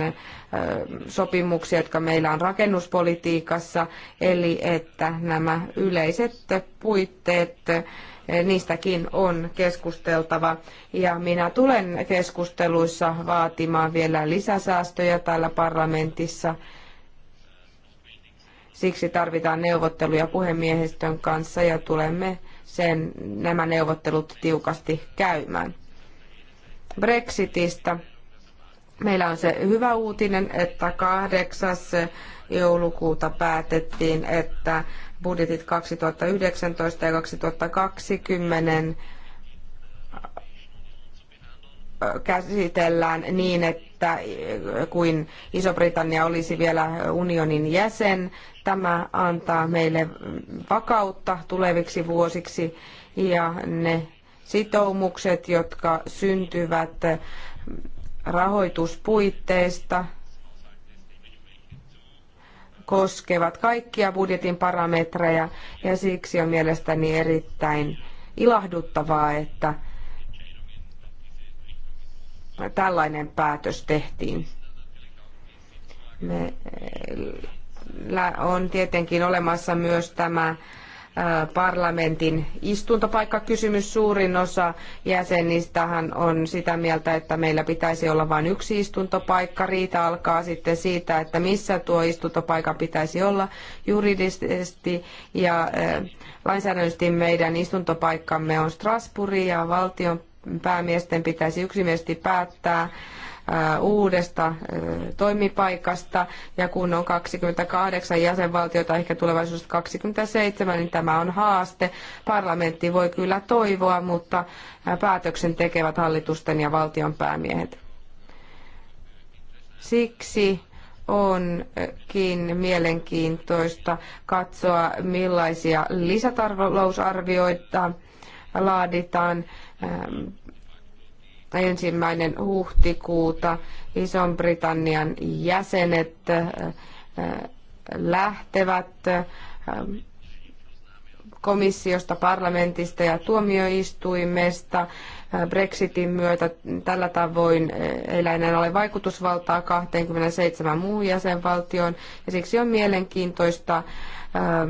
sopimuksia, jotka meillä on rakennuspolitiikassa, eli että nämä yleiset puitteet niistäkin on keskusteltava. Ja minä tulen keskusteluissa vaatimaan vielä lisäsäästöjä täällä parlamentissa. Siksi tarvitaan neuvotteluja puhemiehistön kanssa ja tulemme sen, nämä neuvottelut tiukasti käymään. Brexitistä. Meillä on se hyvä uutinen, että 8. joulukuuta päätettiin, että budjetit 2019 ja 2020 käsitellään niin, että kuin Iso-Britannia olisi vielä unionin jäsen. Tämä antaa meille vakautta tuleviksi vuosiksi ja ne sitoumukset, jotka syntyvät rahoituspuitteista, koskevat kaikkia budjetin parametreja ja siksi on mielestäni erittäin ilahduttavaa, että tällainen päätös tehtiin. Meillä on tietenkin olemassa myös tämä parlamentin istuntopaikkakysymys. Suurin osa jäsenistähän on sitä mieltä, että meillä pitäisi olla vain yksi istuntopaikka. Riita alkaa sitten siitä, että missä tuo istuntopaikka pitäisi olla juridisesti ja lainsäädännöllisesti meidän istuntopaikkamme on Strasbourg ja valtion päämiesten pitäisi yksimielisesti päättää uudesta toimipaikasta. Ja kun on 28 jäsenvaltiota, ehkä tulevaisuudessa 27, niin tämä on haaste. Parlamentti voi kyllä toivoa, mutta päätöksen tekevät hallitusten ja valtion päämiehet. Siksi onkin mielenkiintoista katsoa, millaisia lisätalousarvioita laaditaan tai ensimmäinen huhtikuuta Ison-Britannian jäsenet lähtevät komissiosta, parlamentista ja tuomioistuimesta. Brexitin myötä tällä tavoin ei enää ole vaikutusvaltaa 27 muuhun jäsenvaltioon ja siksi on mielenkiintoista ähm,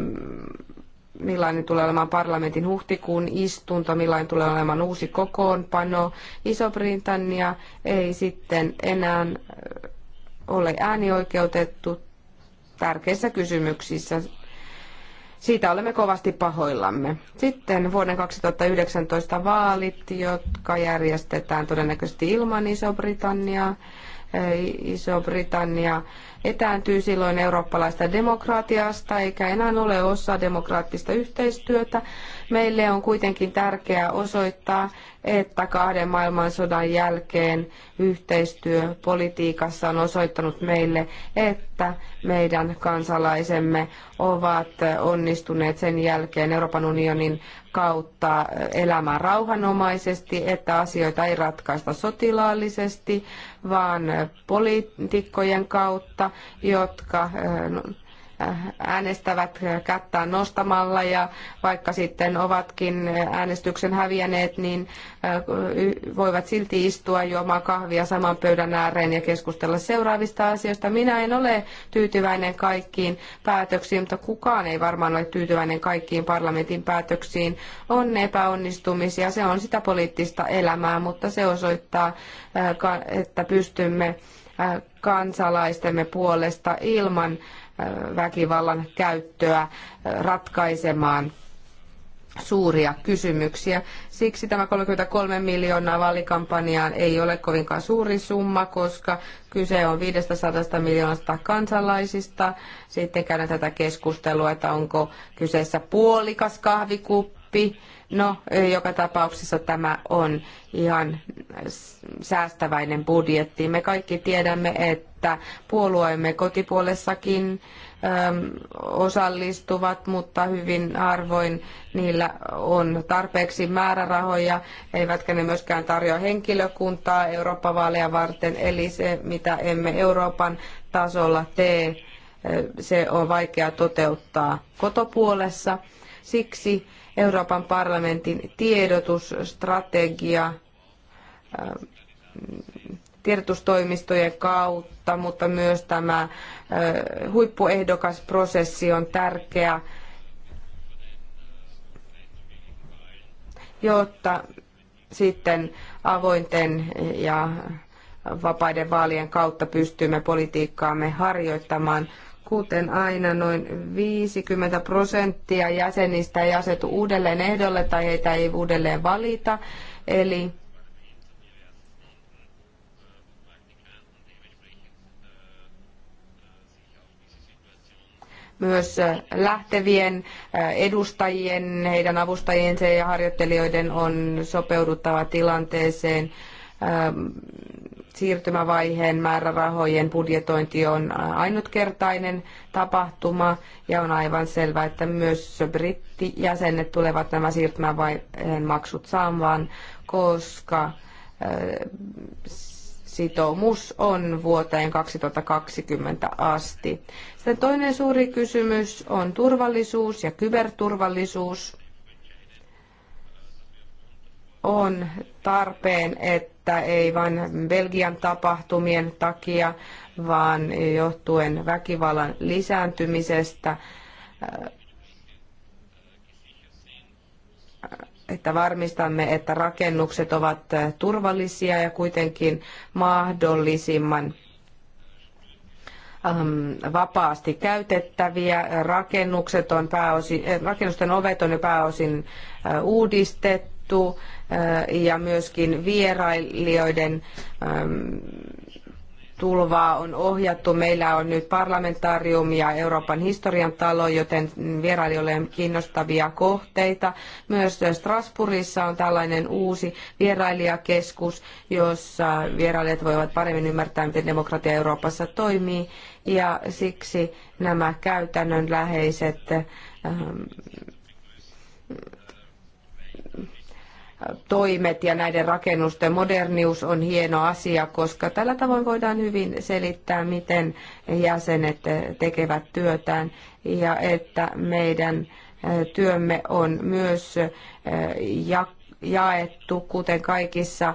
millainen tulee olemaan parlamentin huhtikuun istunto, millainen tulee olemaan uusi kokoonpano. Iso-Britannia ei sitten enää äh, ole äänioikeutettu tärkeissä kysymyksissä. Siitä olemme kovasti pahoillamme. Sitten vuoden 2019 vaalit, jotka järjestetään todennäköisesti ilman Iso-Britanniaa. Iso-Britannia etääntyy silloin eurooppalaista demokratiasta eikä enää ole osa demokraattista yhteistyötä. Meille on kuitenkin tärkeää osoittaa, että kahden maailmansodan jälkeen yhteistyö politiikassa on osoittanut meille, että meidän kansalaisemme ovat onnistuneet sen jälkeen Euroopan unionin kautta elämään rauhanomaisesti, että asioita ei ratkaista sotilaallisesti, vaan poliitikkojen kautta, jotka äänestävät kättään nostamalla ja vaikka sitten ovatkin äänestyksen häviäneet, niin voivat silti istua juomaan kahvia saman pöydän ääreen ja keskustella seuraavista asioista. Minä en ole tyytyväinen kaikkiin päätöksiin, mutta kukaan ei varmaan ole tyytyväinen kaikkiin parlamentin päätöksiin. On epäonnistumisia, se on sitä poliittista elämää, mutta se osoittaa, että pystymme kansalaistemme puolesta ilman väkivallan käyttöä ratkaisemaan suuria kysymyksiä. Siksi tämä 33 miljoonaa vaalikampanjaan ei ole kovinkaan suuri summa, koska kyse on 500 miljoonasta kansalaisista. Sitten käydään tätä keskustelua, että onko kyseessä puolikas kahvikuppi tappi. No, eh, joka tapauksessa tämä on ihan säästäväinen budjetti. Me kaikki tiedämme, että puolueemme kotipuolessakin ähm, osallistuvat, mutta hyvin harvoin niillä on tarpeeksi määrärahoja, eivätkä ne myöskään tarjoa henkilökuntaa Eurooppa-vaaleja varten. Eli se, mitä emme Euroopan tasolla tee, äh, se on vaikea toteuttaa kotopuolessa. Siksi Euroopan parlamentin tiedotusstrategia äh, tiedotustoimistojen kautta, mutta myös tämä äh, huippuehdokasprosessi on tärkeä, jotta sitten avointen ja vapaiden vaalien kautta pystymme politiikkaamme harjoittamaan. Kuten aina, noin 50 prosenttia jäsenistä ei asetu uudelleen ehdolle tai heitä ei uudelleen valita. Eli myös lähtevien edustajien, heidän avustajiensa ja harjoittelijoiden on sopeuduttava tilanteeseen siirtymävaiheen määrärahojen budjetointi on ainutkertainen tapahtuma ja on aivan selvää, että myös brittijäsenet tulevat nämä siirtymävaiheen maksut saamaan, koska äh, sitoumus on vuoteen 2020 asti. Sitten toinen suuri kysymys on turvallisuus ja kyberturvallisuus on tarpeen, että ei vain Belgian tapahtumien takia, vaan johtuen väkivallan lisääntymisestä, äh, että varmistamme, että rakennukset ovat turvallisia ja kuitenkin mahdollisimman ähm, vapaasti käytettäviä. Rakennukset on pääosin, äh, rakennusten ovet on jo pääosin äh, uudistettu ja myöskin vierailijoiden tulvaa on ohjattu. Meillä on nyt parlamentaarium ja Euroopan historian talo, joten vierailijoille on kiinnostavia kohteita. Myös Strasbourgissa on tällainen uusi vierailijakeskus, jossa vierailijat voivat paremmin ymmärtää, miten demokratia Euroopassa toimii. Ja siksi nämä käytännönläheiset toimet ja näiden rakennusten modernius on hieno asia, koska tällä tavoin voidaan hyvin selittää, miten jäsenet tekevät työtään ja että meidän työmme on myös jaettu, kuten kaikissa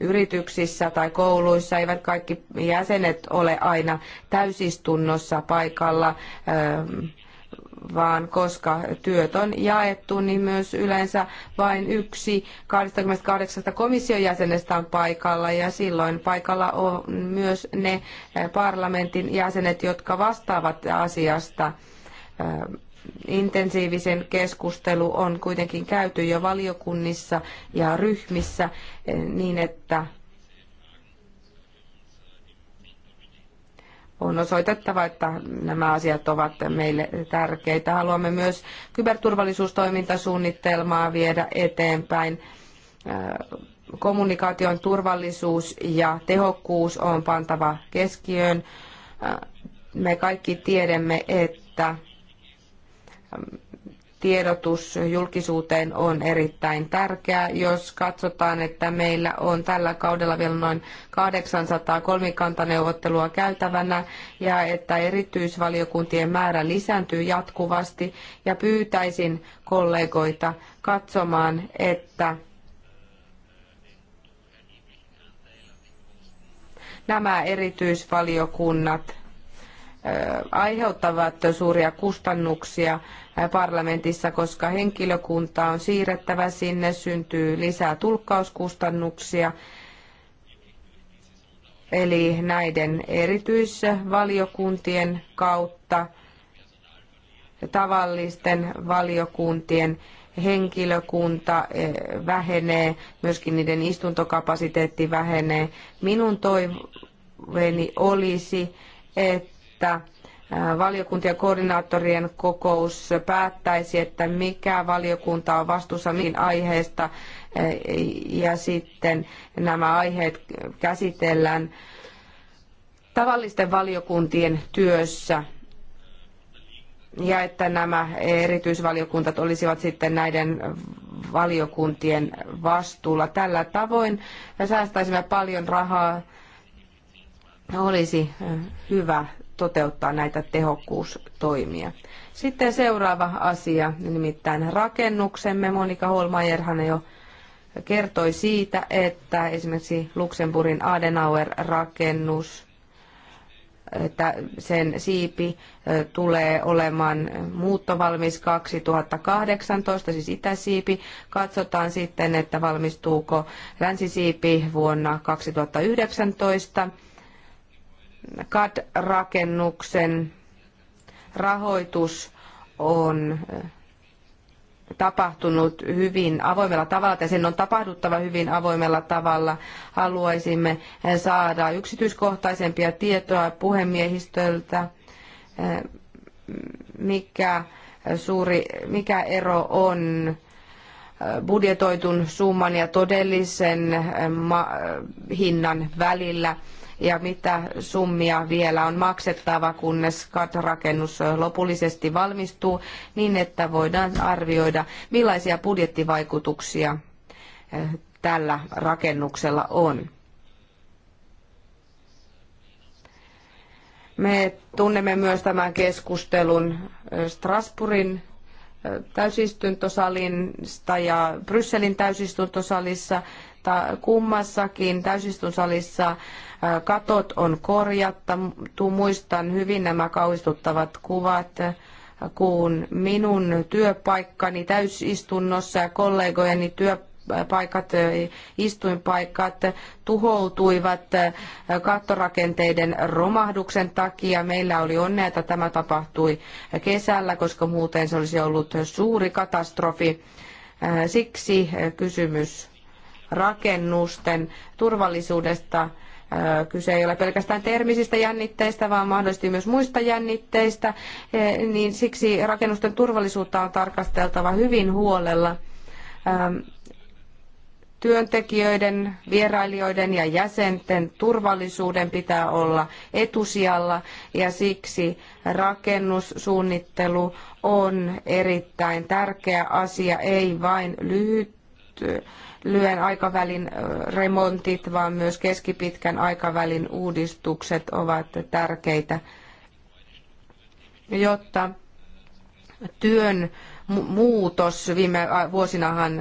yrityksissä tai kouluissa. Eivät kaikki jäsenet ole aina täysistunnossa paikalla vaan koska työt on jaettu, niin myös yleensä vain yksi 28 komission jäsenestä on paikalla ja silloin paikalla on myös ne eh, parlamentin jäsenet, jotka vastaavat asiasta eh, intensiivisen keskustelu on kuitenkin käyty jo valiokunnissa ja ryhmissä eh, niin, että on osoitettava, että nämä asiat ovat meille tärkeitä. Haluamme myös kyberturvallisuustoimintasuunnitelmaa viedä eteenpäin. Äh, kommunikaation turvallisuus ja tehokkuus on pantava keskiöön. Äh, me kaikki tiedämme, että tiedotus julkisuuteen on erittäin tärkeää. Jos katsotaan, että meillä on tällä kaudella vielä noin 800 kolmikantaneuvottelua käytävänä ja että erityisvaliokuntien määrä lisääntyy jatkuvasti ja pyytäisin kollegoita katsomaan, että nämä erityisvaliokunnat aiheuttavat suuria kustannuksia parlamentissa, koska henkilökunta on siirrettävä sinne, syntyy lisää tulkkauskustannuksia. Eli näiden erityisvaliokuntien kautta tavallisten valiokuntien henkilökunta vähenee, myöskin niiden istuntokapasiteetti vähenee. Minun toiveeni olisi, että valiokuntien koordinaattorien kokous päättäisi, että mikä valiokunta on vastuussa mihin aiheesta ja sitten nämä aiheet käsitellään tavallisten valiokuntien työssä ja että nämä erityisvaliokuntat olisivat sitten näiden valiokuntien vastuulla. Tällä tavoin säästäisimme paljon rahaa. Olisi hyvä toteuttaa näitä tehokkuustoimia. Sitten seuraava asia, nimittäin rakennuksemme. Monika Holmajerhan jo kertoi siitä, että esimerkiksi Luxemburgin Adenauer-rakennus, että sen siipi tulee olemaan muuttovalmis 2018, siis itäsiipi. Katsotaan sitten, että valmistuuko länsisiipi vuonna 2019 CAD-rakennuksen rahoitus on äh, tapahtunut hyvin avoimella tavalla, tai sen on tapahduttava hyvin avoimella tavalla. Haluaisimme äh, saada yksityiskohtaisempia tietoja puhemiehistöltä, äh, mikä, suuri, mikä ero on budjetoitun summan ja todellisen hinnan välillä ja mitä summia vielä on maksettava, kunnes rakennus lopullisesti valmistuu, niin että voidaan arvioida, millaisia budjettivaikutuksia eh, tällä rakennuksella on. Me tunnemme myös tämän keskustelun eh, Strasbourgin eh, täysistuntosalista ja Brysselin täysistuntosalissa että kummassakin täysistunsalissa äh, katot on korjattu. Muistan hyvin nämä kauhistuttavat kuvat, äh, kun minun työpaikkani täysistunnossa ja kollegojeni työpaikat, äh, istuinpaikat tuhoutuivat kattorakenteiden romahduksen takia. Meillä oli onnea, että tämä tapahtui kesällä, koska muuten se olisi ollut suuri katastrofi. Siksi kysymys rakennusten turvallisuudesta. Kyse ei ole pelkästään termisistä jännitteistä, vaan mahdollisesti myös muista jännitteistä, e, niin siksi rakennusten turvallisuutta on tarkasteltava hyvin huolella työntekijöiden, vierailijoiden ja jäsenten turvallisuuden pitää olla etusijalla ja siksi rakennussuunnittelu on erittäin tärkeä asia, ei vain lyhyt lyhyen aikavälin remontit, vaan myös keskipitkän aikavälin uudistukset ovat tärkeitä, jotta työn muutos, viime vuosinahan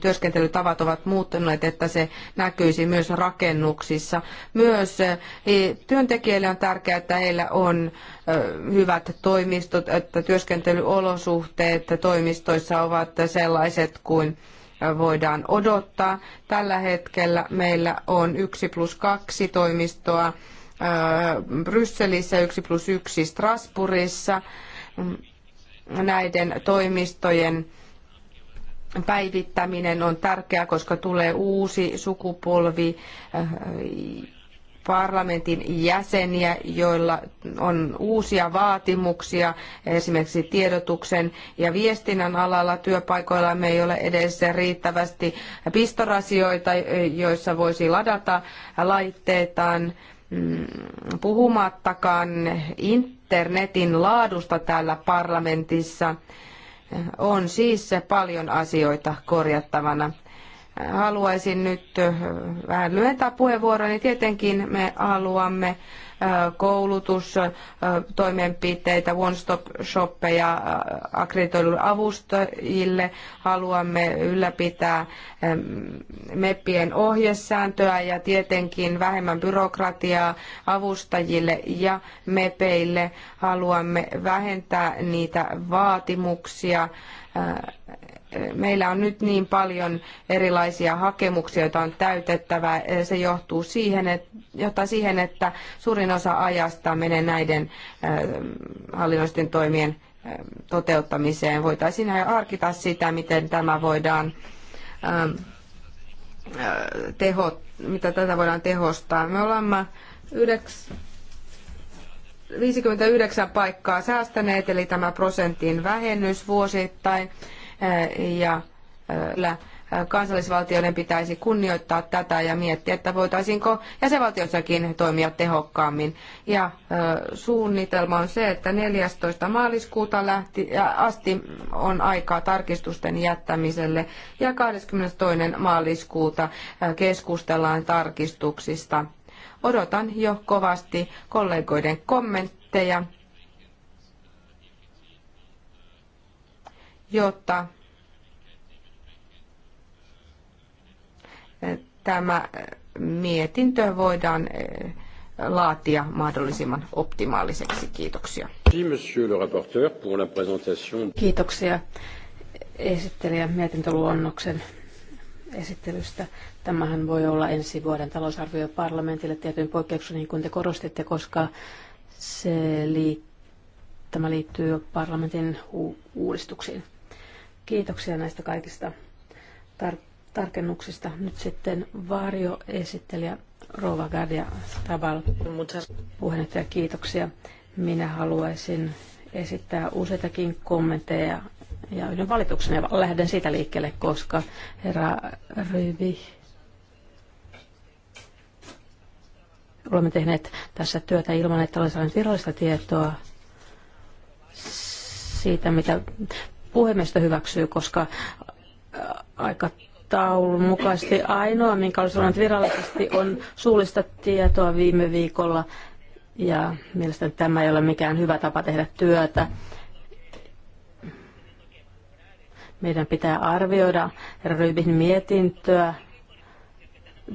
työskentelytavat ovat muuttuneet, että se näkyisi myös rakennuksissa. Myös työntekijöille on tärkeää, että heillä on hyvät toimistot, että työskentelyolosuhteet toimistoissa ovat sellaiset kuin voidaan odottaa. Tällä hetkellä meillä on 1 plus 2 toimistoa äh, Brysselissä, 1 plus 1 Strasbourgissa. Näiden toimistojen päivittäminen on tärkeää, koska tulee uusi sukupolvi äh, parlamentin jäseniä, joilla on uusia vaatimuksia esimerkiksi tiedotuksen ja viestinnän alalla työpaikoilla. Me ei ole edes riittävästi pistorasioita, joissa voisi ladata laitteitaan mm, puhumattakaan internetin laadusta täällä parlamentissa. On siis paljon asioita korjattavana. Haluaisin nyt vähän lyhentää puheenvuoroni. Tietenkin me haluamme koulutustoimenpiteitä, one-stop-shoppeja akkreditoiduille avustajille. Haluamme ylläpitää MEPien ohjesääntöä ja tietenkin vähemmän byrokratiaa avustajille ja MEPeille. Haluamme vähentää niitä vaatimuksia meillä on nyt niin paljon erilaisia hakemuksia, joita on täytettävä. Se johtuu siihen, että, johtaa siihen, että suurin suurin osa ajasta menee näiden hallinnollisten toimien toteuttamiseen. Voitaisiin harkita sitä, miten tämä voidaan teho, mitä tätä voidaan tehostaa. Me olemme 9, 59 paikkaa säästäneet, eli tämä prosentin vähennys vuosittain. Ja kansallisvaltioiden pitäisi kunnioittaa tätä ja miettiä, että voitaisiinko jäsenvaltiossakin toimia tehokkaammin. Ja suunnitelma on se, että 14. maaliskuuta lähti, asti on aikaa tarkistusten jättämiselle ja 22. maaliskuuta keskustellaan tarkistuksista. Odotan jo kovasti kollegoiden kommentteja, jotta tämä eh, mietintö voidaan eh, laatia mahdollisimman optimaaliseksi. Kiitoksia. Kiitoksia esittelijä mietintöluonnoksen esittelystä. Tämähän voi olla ensi vuoden talousarvio parlamentille tietyn poikkeuksen, niin kuin te korostitte, koska se liittyy tämä liittyy parlamentin uudistuksiin. Kiitoksia näistä kaikista tar- tarkennuksista. Nyt sitten varjoesittelijä Rova Gardia Tabal. Puheenjohtaja, kiitoksia. Minä haluaisin esittää useitakin kommentteja ja yhden valituksen ja lähden siitä liikkeelle, koska herra Ryvi, olemme tehneet tässä työtä ilman, että olisi saanut virallista tietoa siitä, mitä puhemiestä hyväksyy, koska aika aikataulun mukaisesti ainoa, minkä olisi sanonut virallisesti, on suullista tietoa viime viikolla. Ja mielestäni tämä ei ole mikään hyvä tapa tehdä työtä. Meidän pitää arvioida Rybin mietintöä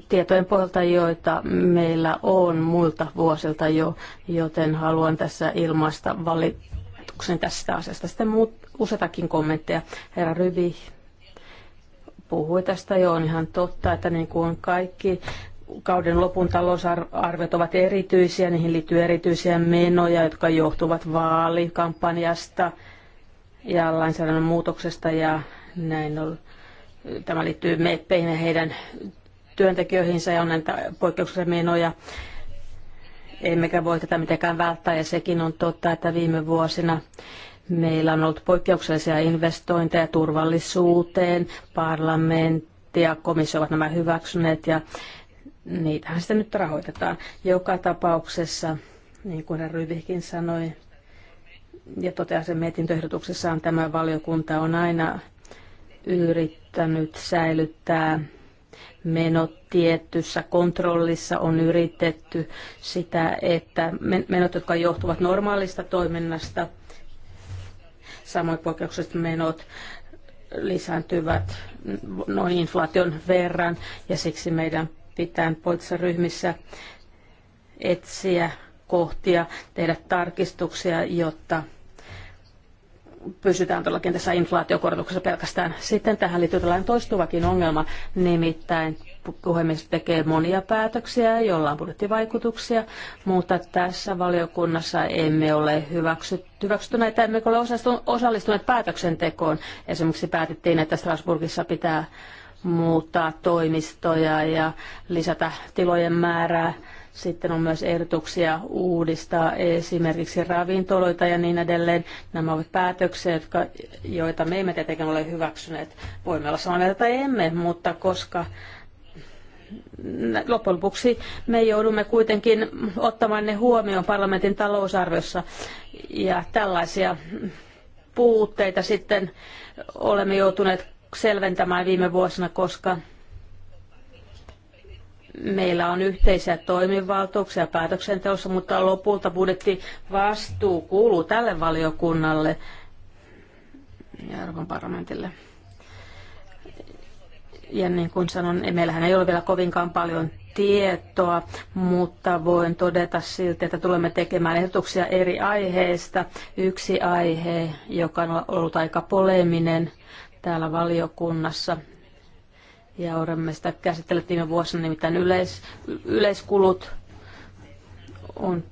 tietojen pohjalta, joita meillä on muilta vuosilta jo, joten haluan tässä ilmaista valituksen tästä asiasta. Sitten muut, useitakin kommentteja. Herra Rybi puhui tästä jo, on ihan totta, että niin kuin kaikki kauden lopun talousarvet ovat erityisiä, niihin liittyy erityisiä menoja, jotka johtuvat vaalikampanjasta ja lainsäädännön muutoksesta ja näin on. Tämä liittyy meppeihin ja heidän työntekijöihinsä ja on näitä poikkeuksellisia menoja. Emmekä voi tätä mitenkään välttää ja sekin on totta, että viime vuosina Meillä on ollut poikkeuksellisia investointeja turvallisuuteen, parlamentti ja komissio ovat nämä hyväksyneet ja niitähän sitten nyt rahoitetaan. Joka tapauksessa, niin kuin Ryvihkin sanoi ja toteaa sen mietintöehdotuksessaan, tämä valiokunta on aina yrittänyt säilyttää menot tietyssä kontrollissa on yritetty sitä, että menot, jotka johtuvat normaalista toiminnasta – Samoin poikkeukset menot lisääntyvät noin inflaation verran ja siksi meidän pitää poliittisissa ryhmissä etsiä kohtia, tehdä tarkistuksia, jotta pysytään todellakin tässä inflaatiokorotuksessa pelkästään. Sitten tähän liittyy tällainen toistuvakin ongelma, nimittäin puhemies tekee monia päätöksiä, joilla on budjettivaikutuksia, mutta tässä valiokunnassa emme ole hyväksytty, hyväksytty näitä, emme ole osallistuneet päätöksentekoon. Esimerkiksi päätettiin, että Strasbourgissa pitää muuttaa toimistoja ja lisätä tilojen määrää. Sitten on myös ehdotuksia uudistaa esimerkiksi ravintoloita ja niin edelleen. Nämä ovat päätöksiä, jotka, joita me emme tietenkään ole hyväksyneet. Voimme olla samaa mieltä tai emme, mutta koska loppujen lopuksi me joudumme kuitenkin ottamaan ne huomioon parlamentin talousarviossa ja tällaisia puutteita sitten olemme joutuneet selventämään viime vuosina, koska meillä on yhteisiä toimivaltuuksia päätöksenteossa, mutta lopulta budjettivastuu kuuluu tälle valiokunnalle ja Euroopan parlamentille. Ja niin kuin sanon, niin meillähän ei ole vielä kovinkaan paljon tietoa, mutta voin todeta silti, että tulemme tekemään ehdotuksia eri aiheista. Yksi aihe, joka on ollut aika poleminen täällä valiokunnassa, ja olemme sitä käsitelleet viime vuosina, nimittäin yleis, yleiskulut on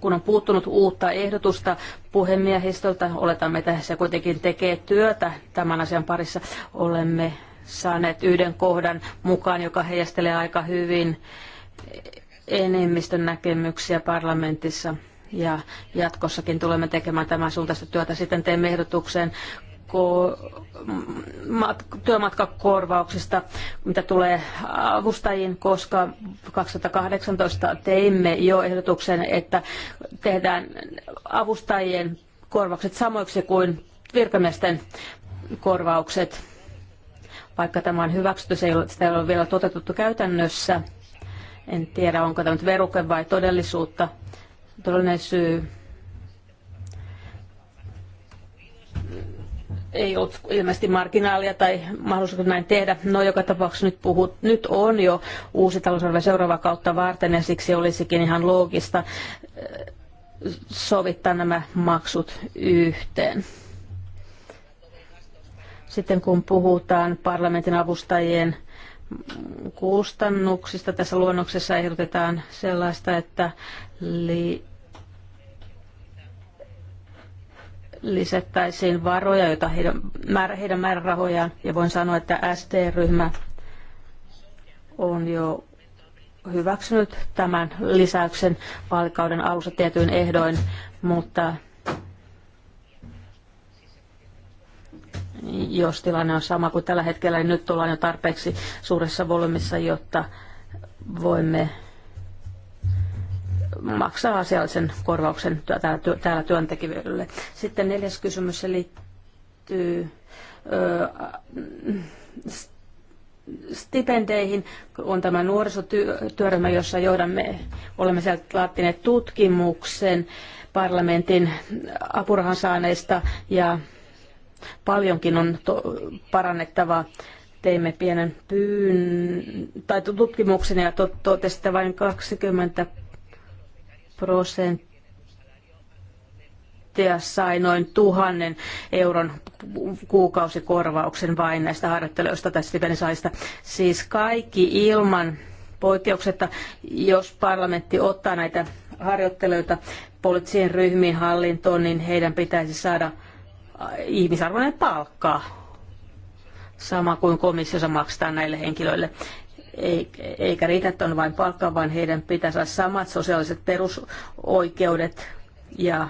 kun on puuttunut uutta ehdotusta puhemiehistöltä, oletamme, että se kuitenkin tekee työtä tämän asian parissa, olemme saaneet yhden kohdan mukaan, joka heijastelee aika hyvin enemmistön näkemyksiä parlamentissa. Ja jatkossakin tulemme tekemään tämän suuntaista työtä. Sitten teemme ehdotuksen ko- mat- työmatkakorvauksista, mitä tulee avustajiin, koska 2018 teimme jo ehdotuksen, että tehdään avustajien korvaukset samoiksi kuin virkamiesten korvaukset. Vaikka tämä on hyväksytty, se ei ole, sitä ei ole vielä toteutettu käytännössä. En tiedä, onko tämä nyt veruke vai todellisuutta. Todellinen syy ei ollut ilmeisesti marginaalia tai mahdollisuutta näin tehdä. No joka tapauksessa nyt, puhut, nyt on jo uusi talousarvio seuraava kautta varten ja siksi olisikin ihan loogista äh, sovittaa nämä maksut yhteen. Sitten kun puhutaan parlamentin avustajien kustannuksista, tässä luonnoksessa ehdotetaan sellaista, että li- lisättäisiin varoja, joita heidän, määrä, heidän määrärahojaan, ja voin sanoa, että ST-ryhmä on jo hyväksynyt tämän lisäyksen vaalikauden alussa tietyin ehdoin, mutta jos tilanne on sama kuin tällä hetkellä, niin nyt tullaan jo tarpeeksi suuressa volyymissa, jotta voimme maksaa asiallisen korvauksen täällä työntekijöille. Sitten neljäs kysymys se liittyy stipendeihin. On tämä nuorisotyöryhmä, jossa johdamme, olemme sieltä laatineet tutkimuksen parlamentin apurahan saaneista ja Paljonkin on parannettavaa. Teimme pienen pyyn, tai tutkimuksen ja totesi, että vain 20 prosenttia sai noin tuhannen euron kuukausikorvauksen vain näistä harjoittelijoista tai stipendisaajista. Siis kaikki ilman poikkeuksetta, jos parlamentti ottaa näitä harjoittelijoita poliittisiin ryhmiin hallintoon, niin heidän pitäisi saada ihmisarvoinen palkka, sama kuin komissiossa maksetaan näille henkilöille. Eikä riitä, että on vain palkka, vaan heidän pitää saada samat sosiaaliset perusoikeudet ja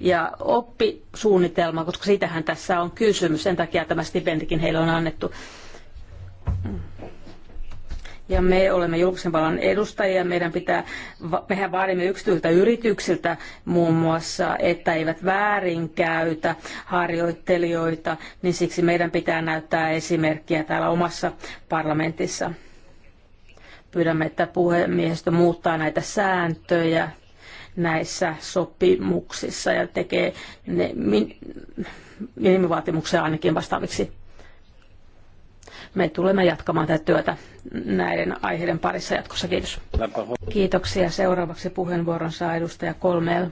ja oppisuunnitelma, koska siitähän tässä on kysymys. Sen takia tämä stipendikin heille on annettu. Mm ja me olemme julkisen vallan edustajia. Meidän pitää, mehän vaadimme yksityisiltä yrityksiltä muun muassa, että eivät väärinkäytä harjoittelijoita, niin siksi meidän pitää näyttää esimerkkiä täällä omassa parlamentissa. Pyydämme, että puhemiehistö muuttaa näitä sääntöjä näissä sopimuksissa ja tekee ne minimivaatimuksia ainakin vastaaviksi me tulemme jatkamaan tätä työtä näiden aiheiden parissa jatkossa. Kiitos. Kiitoksia. Seuraavaksi puheenvuoron saa edustaja Kolmel.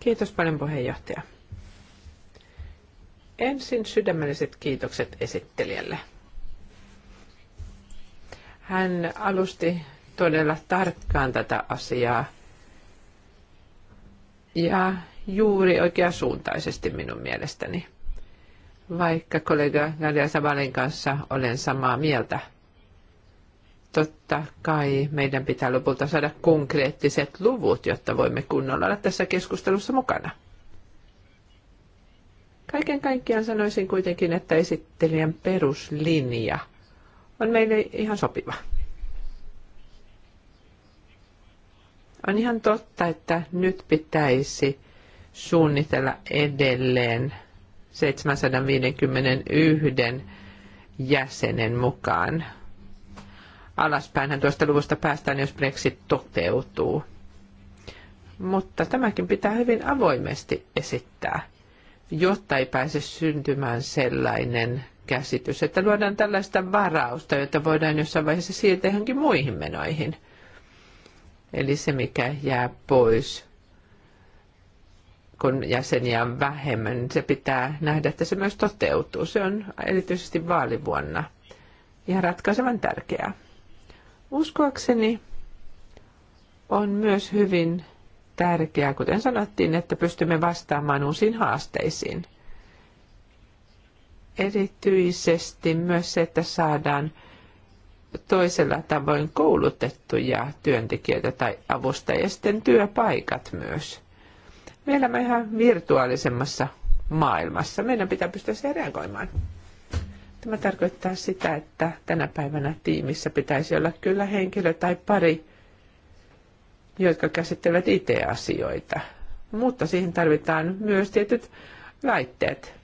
Kiitos paljon puheenjohtaja. Ensin sydämelliset kiitokset esittelijälle. Hän alusti todella tarkkaan tätä asiaa ja juuri oikeasuuntaisesti minun mielestäni. Vaikka kollega Nadia Sabalin kanssa olen samaa mieltä, totta kai meidän pitää lopulta saada konkreettiset luvut, jotta voimme kunnolla olla tässä keskustelussa mukana. Kaiken kaikkiaan sanoisin kuitenkin, että esittelijän peruslinja on meille ihan sopiva. On ihan totta, että nyt pitäisi suunnitella edelleen 751 jäsenen mukaan. Alaspäinhän tuosta luvusta päästään, jos Brexit toteutuu. Mutta tämäkin pitää hyvin avoimesti esittää, jotta ei pääse syntymään sellainen käsitys, että luodaan tällaista varausta, jota voidaan jossain vaiheessa siirtää johonkin muihin menoihin. Eli se, mikä jää pois kun jäseniä on vähemmän, se pitää nähdä, että se myös toteutuu. Se on erityisesti vaalivuonna ihan ratkaisevan tärkeää. Uskoakseni on myös hyvin tärkeää, kuten sanottiin, että pystymme vastaamaan uusiin haasteisiin. Erityisesti myös se, että saadaan toisella tavoin koulutettuja työntekijöitä tai avustajisten työpaikat myös. Me elämme ihan virtuaalisemmassa maailmassa. Meidän pitää pystyä siihen reagoimaan. Tämä tarkoittaa sitä, että tänä päivänä tiimissä pitäisi olla kyllä henkilö tai pari, jotka käsittelevät IT-asioita. Mutta siihen tarvitaan myös tietyt laitteet.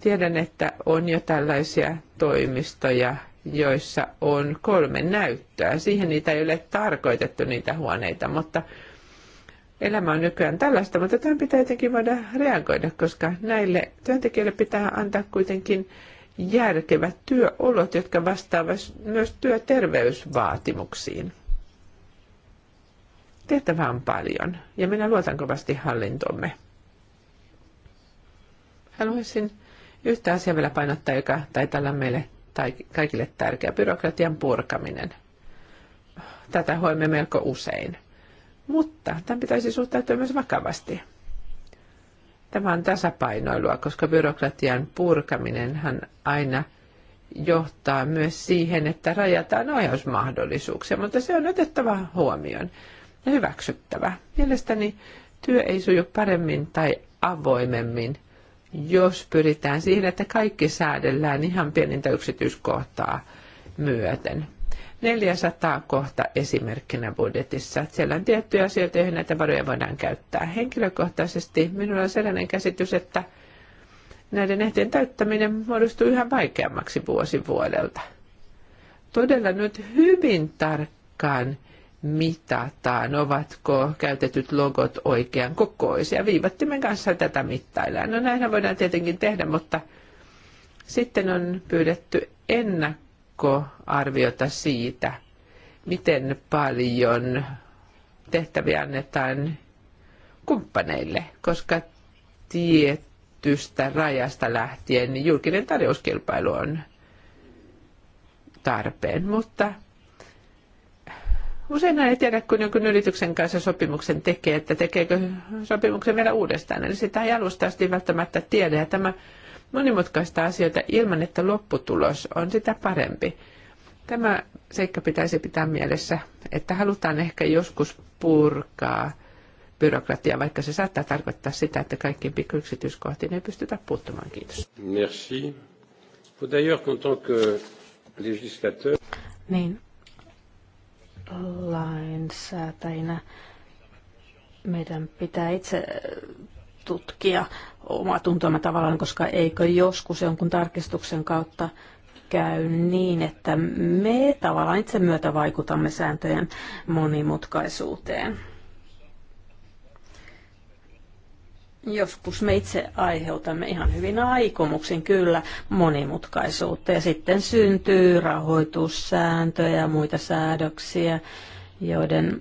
Tiedän, että on jo tällaisia toimistoja, joissa on kolme näyttöä. Siihen niitä ei ole tarkoitettu niitä huoneita, mutta elämä on nykyään tällaista, mutta tähän pitää jotenkin voida reagoida, koska näille työntekijöille pitää antaa kuitenkin järkevät työolot, jotka vastaavat myös työterveysvaatimuksiin. Tehtävää on paljon, ja minä luotan kovasti hallintomme. Haluaisin yhtä asiaa vielä painottaa, joka taitaa olla meille tai kaikille tärkeä, byrokratian purkaminen. Tätä hoimme melko usein mutta tämän pitäisi suhtautua myös vakavasti. Tämä on tasapainoilua, koska byrokratian purkaminenhan aina johtaa myös siihen, että rajataan ohjausmahdollisuuksia, mutta se on otettava huomioon ja hyväksyttävä. Mielestäni työ ei suju paremmin tai avoimemmin, jos pyritään siihen, että kaikki säädellään ihan pienintä yksityiskohtaa myöten. 400 kohta esimerkkinä budjetissa. Siellä on tiettyjä asioita, joihin näitä varoja voidaan käyttää. Henkilökohtaisesti minulla on sellainen käsitys, että näiden ehtien täyttäminen muodostuu yhä vaikeammaksi vuosi vuodelta. Todella nyt hyvin tarkkaan mitataan, ovatko käytetyt logot oikean kokoisia. Viivattimen kanssa tätä mittaillaan. No näinhän voidaan tietenkin tehdä, mutta sitten on pyydetty ennakko ennakkoarviota siitä, miten paljon tehtäviä annetaan kumppaneille, koska tietystä rajasta lähtien julkinen tarjouskilpailu on tarpeen, mutta usein ei tiedä, kun jonkun yrityksen kanssa sopimuksen tekee, että tekeekö sopimuksen vielä uudestaan. Eli sitä ei alusta asti välttämättä tiedä. Ja tämä monimutkaista asioita ilman, että lopputulos on sitä parempi. Tämä seikka pitäisi pitää mielessä, että halutaan ehkä joskus purkaa byrokratiaa, vaikka se saattaa tarkoittaa sitä, että kaikkiin pikkuyksityiskohtiin ei pystytä puuttumaan. Kiitos. Merci. Niin, lainsäätäjinä meidän pitää itse tutkia omaa tuntoamme tavallaan, koska eikö joskus jonkun tarkistuksen kautta käy niin, että me tavallaan itse myötä vaikutamme sääntöjen monimutkaisuuteen. Joskus me itse aiheutamme ihan hyvin aikomuksin kyllä monimutkaisuutta ja sitten syntyy rahoitussääntöjä ja muita säädöksiä, joiden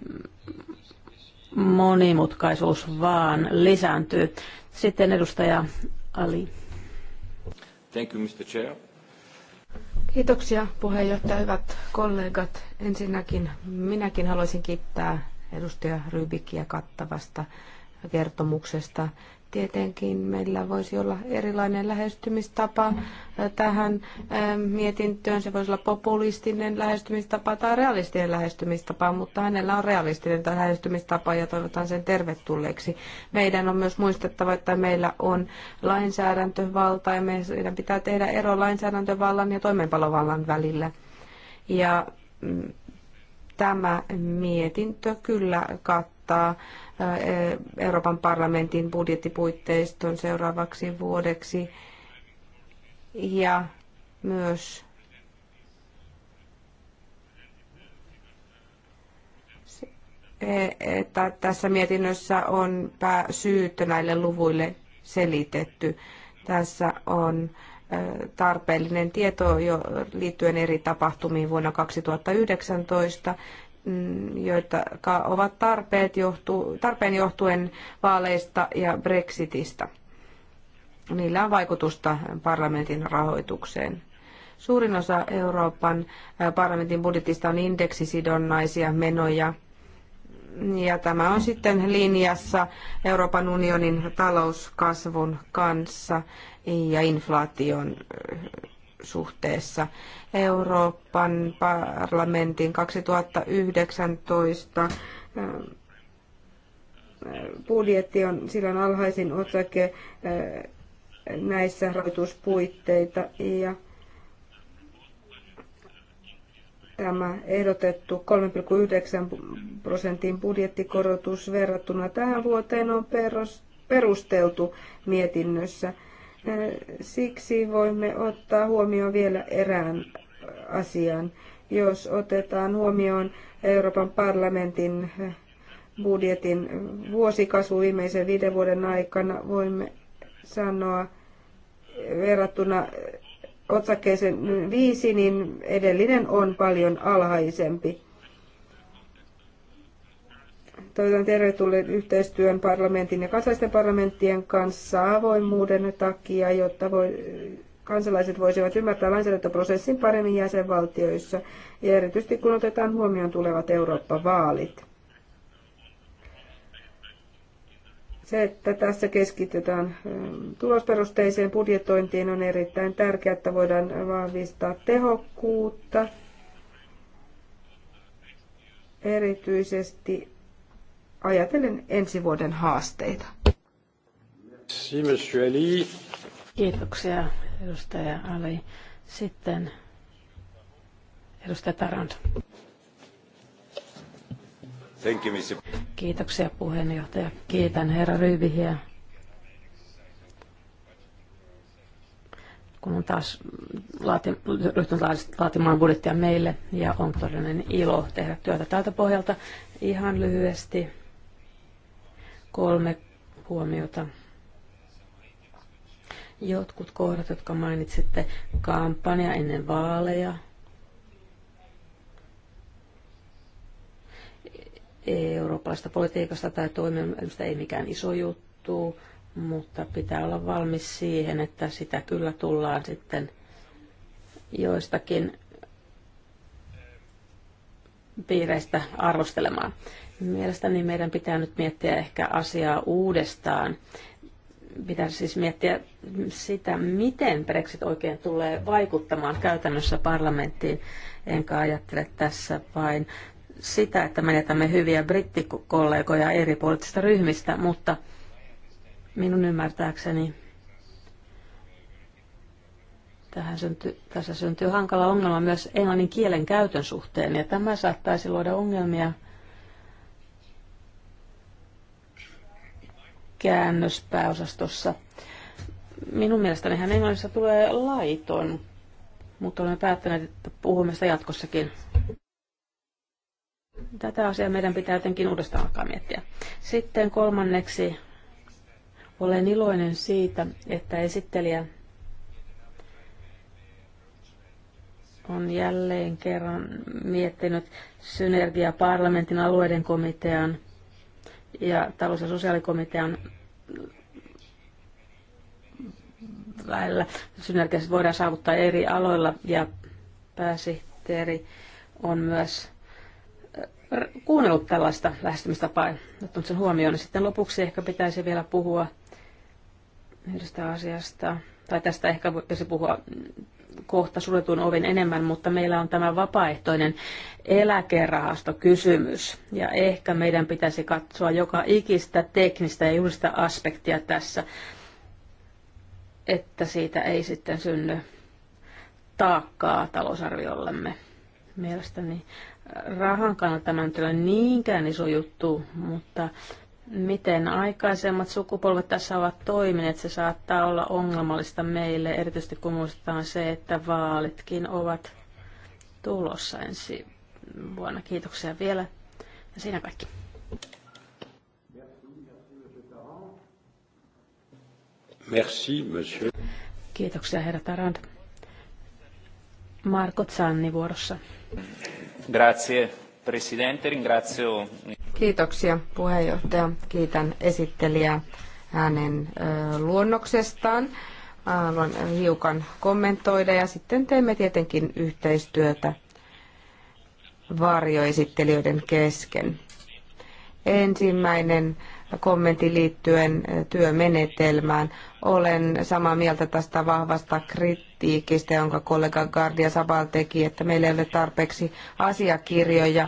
monimutkaisuus vaan lisääntyy. Sitten edustaja Ali. Thank you, Mr. Chair. Kiitoksia puheenjohtaja, hyvät kollegat. Ensinnäkin minäkin haluaisin kiittää edustaja Rybikkiä kattavasta kertomuksesta. Tietenkin meillä voisi olla erilainen lähestymistapa tähän mietintöön. Se voisi olla populistinen lähestymistapa tai realistinen lähestymistapa, mutta hänellä on realistinen lähestymistapa ja toivotan sen tervetulleeksi. Meidän on myös muistettava, että meillä on lainsäädäntövalta ja meidän pitää tehdä ero lainsäädäntövallan ja toimeenpalovallan välillä. Ja mm, tämä mietintö kyllä kattaa Euroopan parlamentin budjettipuitteiston seuraavaksi vuodeksi ja myös että tässä mietinnössä on syyttö näille luvuille selitetty. Tässä on tarpeellinen tieto jo liittyen eri tapahtumiin vuonna 2019 Mm, joita ovat tarpeet johtu, tarpeen johtuen vaaleista ja Brexitistä. Niillä on vaikutusta parlamentin rahoitukseen. Suurin osa Euroopan parlamentin budjetista on indeksisidonnaisia menoja. Ja tämä on sitten linjassa Euroopan unionin talouskasvun kanssa ja inflaation suhteessa. Euroopan parlamentin 2019 eh, budjetti on silloin alhaisin otsake eh, näissä rahoituspuitteita ja tämä ehdotettu 3,9 prosentin budjettikorotus verrattuna tähän vuoteen on perusteltu mietinnössä. Siksi voimme ottaa huomioon vielä erään asian. Jos otetaan huomioon Euroopan parlamentin budjetin vuosikasvu viimeisen viiden vuoden aikana, voimme sanoa verrattuna otsakkeeseen viisi, niin edellinen on paljon alhaisempi toivotan tervetulleen yhteistyön parlamentin ja kansallisten parlamenttien kanssa avoimuuden takia, jotta voi, kansalaiset voisivat ymmärtää lainsäädäntöprosessin paremmin jäsenvaltioissa ja erityisesti kun otetaan huomioon tulevat Eurooppa-vaalit. Se, että tässä keskitytään mm, tulosperusteiseen budjetointiin on erittäin tärkeää, että voidaan vahvistaa tehokkuutta, erityisesti ajatellen ensi vuoden haasteita. Kiitoksia, edustaja Ali. Sitten edustaja Tarand. Kiitoksia puheenjohtaja. Kiitän herra Ryyvihiä. kun on taas laati, ryhtynyt laatimaan budjettia meille ja on todellinen ilo tehdä työtä tältä pohjalta. Ihan lyhyesti Kolme huomiota. Jotkut kohdat, jotka mainitsitte, kampanja ennen vaaleja, eurooppalaista politiikasta tai toimimista ei mikään iso juttu, mutta pitää olla valmis siihen, että sitä kyllä tullaan sitten joistakin piireistä arvostelemaan. Mielestäni meidän pitää nyt miettiä ehkä asiaa uudestaan. Pitää siis miettiä sitä, miten Brexit oikein tulee vaikuttamaan käytännössä parlamenttiin. Enkä ajattele tässä vain sitä, että menetämme hyviä brittikollegoja eri poliittisista ryhmistä, mutta minun ymmärtääkseni tähän synty, tässä syntyy hankala ongelma myös englannin kielen käytön suhteen, ja tämä saattaisi luoda ongelmia – pääosastossa. Minun mielestäni hän englannissa tulee laiton, mutta olemme päättäneet, että puhumme sitä jatkossakin. Tätä asiaa meidän pitää jotenkin uudestaan alkaa miettiä. Sitten kolmanneksi olen iloinen siitä, että esittelijä on jälleen kerran miettinyt synergia parlamentin alueiden komitean ja talous- ja sosiaalikomitean välillä synergiaset voidaan saavuttaa eri aloilla ja pääsihteeri on myös äh, kuunnellut tällaista lähestymistapaa, ottanut sen huomioon. sitten lopuksi ehkä pitäisi vielä puhua yhdestä asiasta, tai tästä ehkä pitäisi puhua kohta suljetun oven enemmän, mutta meillä on tämä vapaaehtoinen eläkerahastokysymys. Ja ehkä meidän pitäisi katsoa joka ikistä teknistä ja juridista aspektia tässä, että siitä ei sitten synny taakkaa talousarviollemme. Mielestäni rahan kannalta tämä ei ole niinkään iso juttu, mutta miten aikaisemmat sukupolvet tässä ovat toimineet, se saattaa olla ongelmallista meille, erityisesti kun muistetaan se, että vaalitkin ovat tulossa ensi vuonna. Kiitoksia vielä. Ja siinä kaikki. Merci, monsieur. Kiitoksia, herra Tarand. Marko Zanni vuorossa. Grazie, presidente. Ringrazio... Kiitoksia puheenjohtaja. Kiitän esittelijää hänen luonnoksestaan. Haluan hiukan kommentoida ja sitten teemme tietenkin yhteistyötä varjoesittelijöiden kesken. Ensimmäinen kommentti liittyen työmenetelmään. Olen samaa mieltä tästä vahvasta kritiikistä, jonka kollega Gardia Sabal teki, että meillä ei ole tarpeeksi asiakirjoja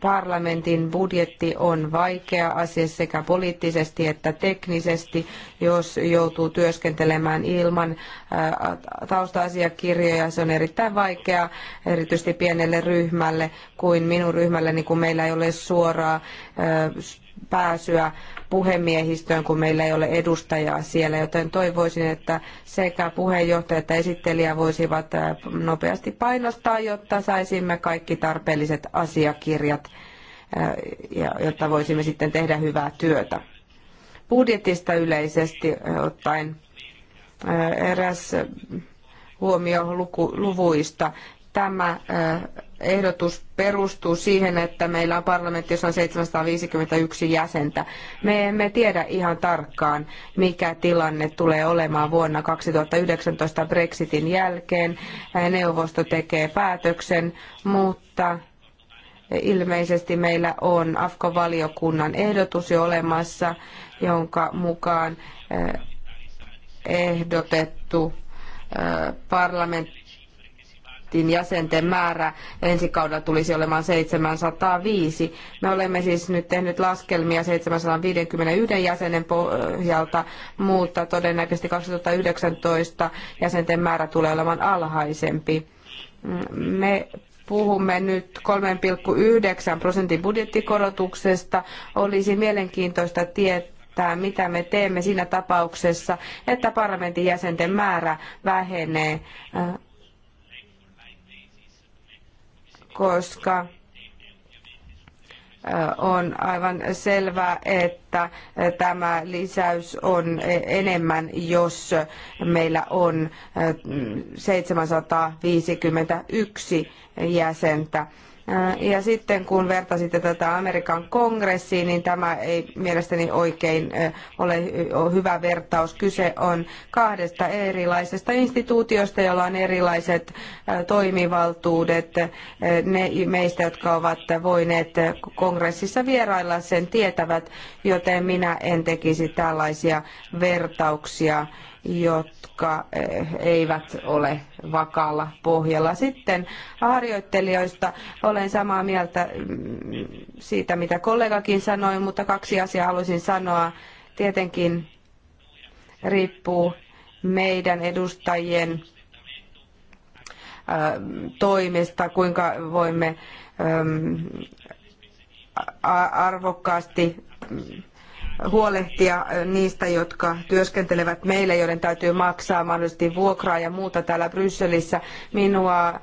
Parlamentin budjetti on vaikea asia sekä poliittisesti että teknisesti, jos joutuu työskentelemään ilman tausta-asiakirjoja. Se on erittäin vaikeaa, erityisesti pienelle ryhmälle kuin minun ryhmälleni, kun meillä ei ole suoraa pääsyä puhemiehistöön, kun meillä ei ole edustajaa siellä, joten toivoisin, että sekä puheenjohtaja että esittelijä voisivat äh, nopeasti painostaa, jotta saisimme kaikki tarpeelliset asiakirjat, äh, jotta voisimme sitten tehdä hyvää työtä. Budjetista yleisesti äh, ottaen eräs huomio luku, luvuista. Tämä ehdotus perustuu siihen, että meillä on parlamentti, jossa on 751 jäsentä. Me emme tiedä ihan tarkkaan, mikä tilanne tulee olemaan vuonna 2019 Brexitin jälkeen. Neuvosto tekee päätöksen, mutta ilmeisesti meillä on AFKO-valiokunnan ehdotus jo olemassa, jonka mukaan eh, ehdotettu eh, parlamentti parlamentin jäsenten määrä ensi kaudella tulisi olemaan 705. Me olemme siis nyt tehneet laskelmia 751 jäsenen pohjalta, mutta todennäköisesti 2019 jäsenten määrä tulee olemaan alhaisempi. Me puhumme nyt 3,9 prosentin budjettikorotuksesta. Olisi mielenkiintoista tietää, mitä me teemme siinä tapauksessa, että parlamentin jäsenten määrä vähenee koska on aivan selvää, että tämä lisäys on e-, enemmän, jos meillä on 751 jäsentä ja sitten kun vertasitte tätä Amerikan kongressiin, niin tämä ei mielestäni oikein ole hyvä vertaus. Kyse on kahdesta erilaisesta instituutiosta, jolla on erilaiset toimivaltuudet. Ne meistä, jotka ovat voineet kongressissa vierailla, sen tietävät, joten minä en tekisi tällaisia vertauksia jotka eh, eivät ole vakaalla pohjalla. Sitten harjoittelijoista olen samaa mieltä mm, siitä, mitä kollegakin sanoi, mutta kaksi asiaa haluaisin sanoa. Tietenkin riippuu meidän edustajien eh, toimesta, kuinka voimme eh, arvokkaasti mm, huolehtia niistä, jotka työskentelevät meille, joiden täytyy maksaa mahdollisesti vuokraa ja muuta täällä Brysselissä. Minua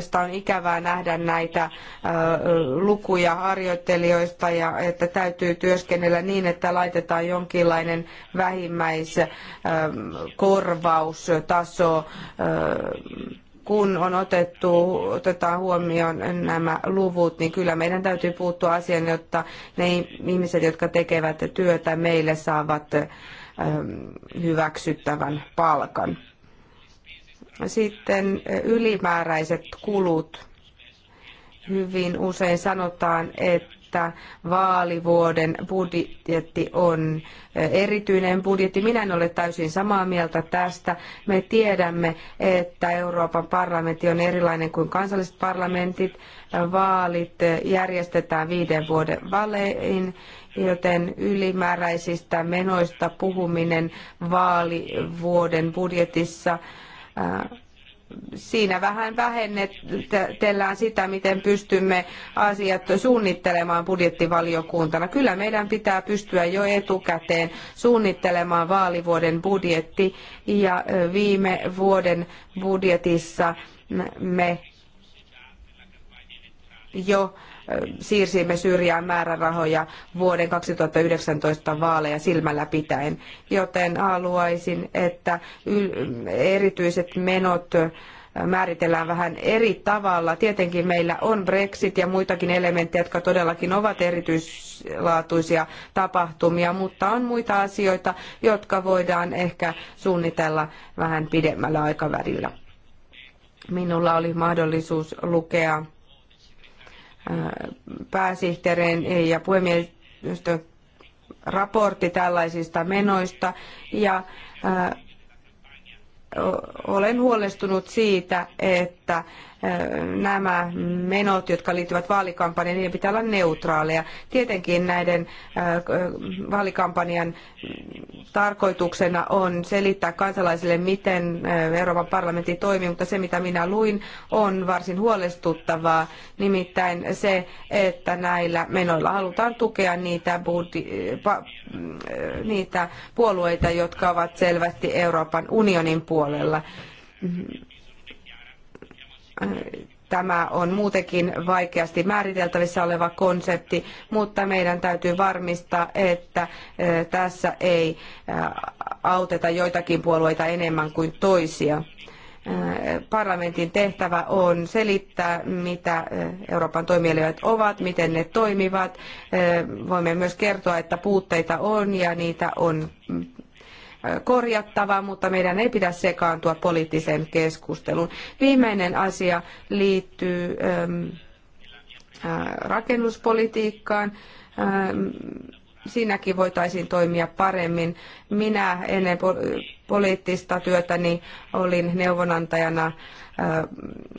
sitä on ikävää nähdä näitä lukuja harjoittelijoista ja että täytyy työskennellä niin, että laitetaan jonkinlainen vähimmäiskorvaustaso kun on otettu, otetaan huomioon nämä luvut, niin kyllä meidän täytyy puuttua asiaan, jotta ne ihmiset, jotka tekevät työtä meille, saavat ähm, hyväksyttävän palkan. Sitten äh, ylimääräiset kulut. Hyvin usein sanotaan, että että vaalivuoden budjetti on eh, erityinen budjetti. Minä en ole täysin samaa mieltä tästä. Me tiedämme, että Euroopan parlamentti on erilainen kuin kansalliset parlamentit. Vaalit eh, järjestetään viiden vuoden välein joten ylimääräisistä menoista puhuminen vaalivuoden budjetissa eh, siinä vähän vähennetellään sitä, miten pystymme asiat suunnittelemaan budjettivaliokuntana. Kyllä meidän pitää pystyä jo etukäteen suunnittelemaan vaalivuoden budjetti ja viime vuoden budjetissa me jo siirsimme syrjään määrärahoja vuoden 2019 vaaleja silmällä pitäen, joten haluaisin, että erityiset menot määritellään vähän eri tavalla. Tietenkin meillä on Brexit ja muitakin elementtejä, jotka todellakin ovat erityislaatuisia tapahtumia, mutta on muita asioita, jotka voidaan ehkä suunnitella vähän pidemmällä aikavälillä. Minulla oli mahdollisuus lukea pääsihteereen ja puhemiehistön raportti tällaisista menoista ja olen huolestunut siitä, että nämä menot, jotka liittyvät vaalikampanjaan, pitää olla neutraaleja. Tietenkin näiden vaalikampanjan tarkoituksena on selittää kansalaisille, miten Euroopan parlamentti toimii, mutta se mitä minä luin on varsin huolestuttavaa, nimittäin se, että näillä menoilla halutaan tukea niitä, pa, niitä puolueita, jotka ovat selvästi Euroopan unionin puolella Tämä on muutenkin vaikeasti määriteltävissä oleva konsepti, mutta meidän täytyy varmistaa, että eh, tässä ei eh, auteta joitakin puolueita enemmän kuin toisia. Eh, parlamentin tehtävä on selittää, mitä Euroopan toimielijät ovat, miten ne toimivat. Voimme myös kertoa, että puutteita on ja niitä on korjattavaa, mutta meidän ei pidä sekaantua poliittiseen keskusteluun. Viimeinen asia liittyy ähm, äh, rakennuspolitiikkaan ähm, siinäkin voitaisiin toimia paremmin. Minä ennen poliittista työtäni olin neuvonantajana äh,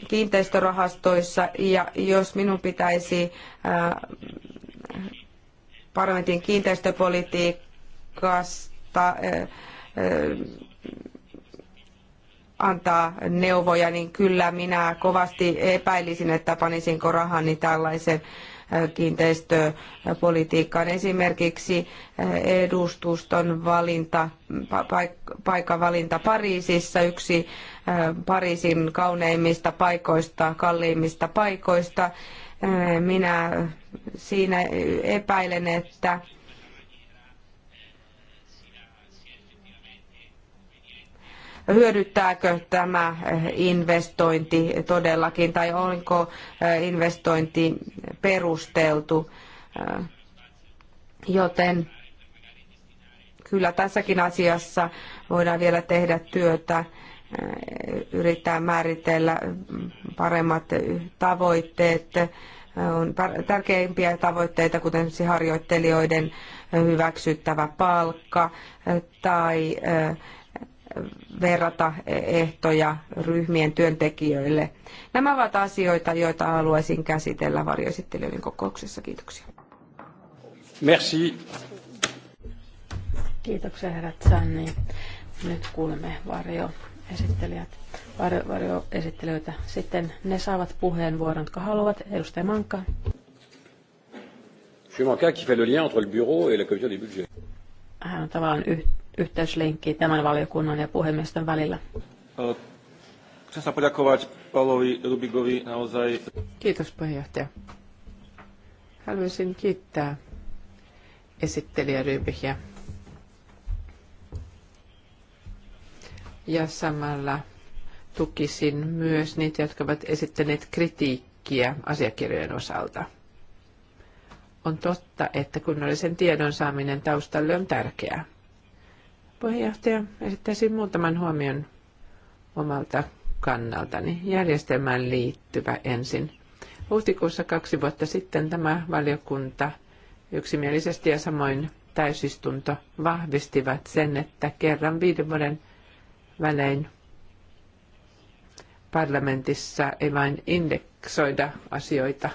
kiinteistörahastoissa ja jos minun pitäisi äh, parlamentin kiinteistöpolitiikasta antaa neuvoja, niin kyllä minä kovasti epäilisin, että panisinko rahani tällaisen kiinteistöpolitiikkaan. Esimerkiksi edustuston valinta, paikan valinta Pariisissa, yksi Pariisin kauneimmista paikoista, kalliimmista paikoista. Minä siinä epäilen, että hyödyttääkö tämä investointi todellakin tai onko eh, investointi perusteltu. Eh, joten kyllä tässäkin asiassa voidaan vielä tehdä työtä, eh, yrittää määritellä paremmat tavoitteet. On tärkeimpiä tavoitteita, kuten esimerkiksi harjoittelijoiden hyväksyttävä palkka tai verrata ehtoja ryhmien työntekijöille. Nämä ovat asioita, joita haluaisin käsitellä varjoesittelijöiden kokouksessa. Kiitoksia. Merci. Kiitoksia herrat Sanni. Nyt kuulemme varjoesittelijät. Varjo, varjoesittelijöitä. Sitten ne saavat puheenvuoron, jotka haluavat. Edustaja Mankka. Manka qui fait le lien entre le bureau et la commission des budgets. Hän on tavallaan yhteydessä yhteyslinkki tämän valiokunnan ja puhemiesten välillä. Kiitos puheenjohtaja. Haluaisin kiittää esittelijä Rybihiä. Ja samalla tukisin myös niitä, jotka ovat esittäneet kritiikkiä asiakirjojen osalta. On totta, että kunnollisen tiedon saaminen taustalle on tärkeää. Puheenjohtaja, esittäisin muutaman huomion omalta kannaltani. Järjestelmään liittyvä ensin. Huhtikuussa kaksi vuotta sitten tämä valiokunta yksimielisesti ja samoin täysistunto vahvistivat sen, että kerran viiden vuoden välein parlamentissa ei vain indeksoida asioita,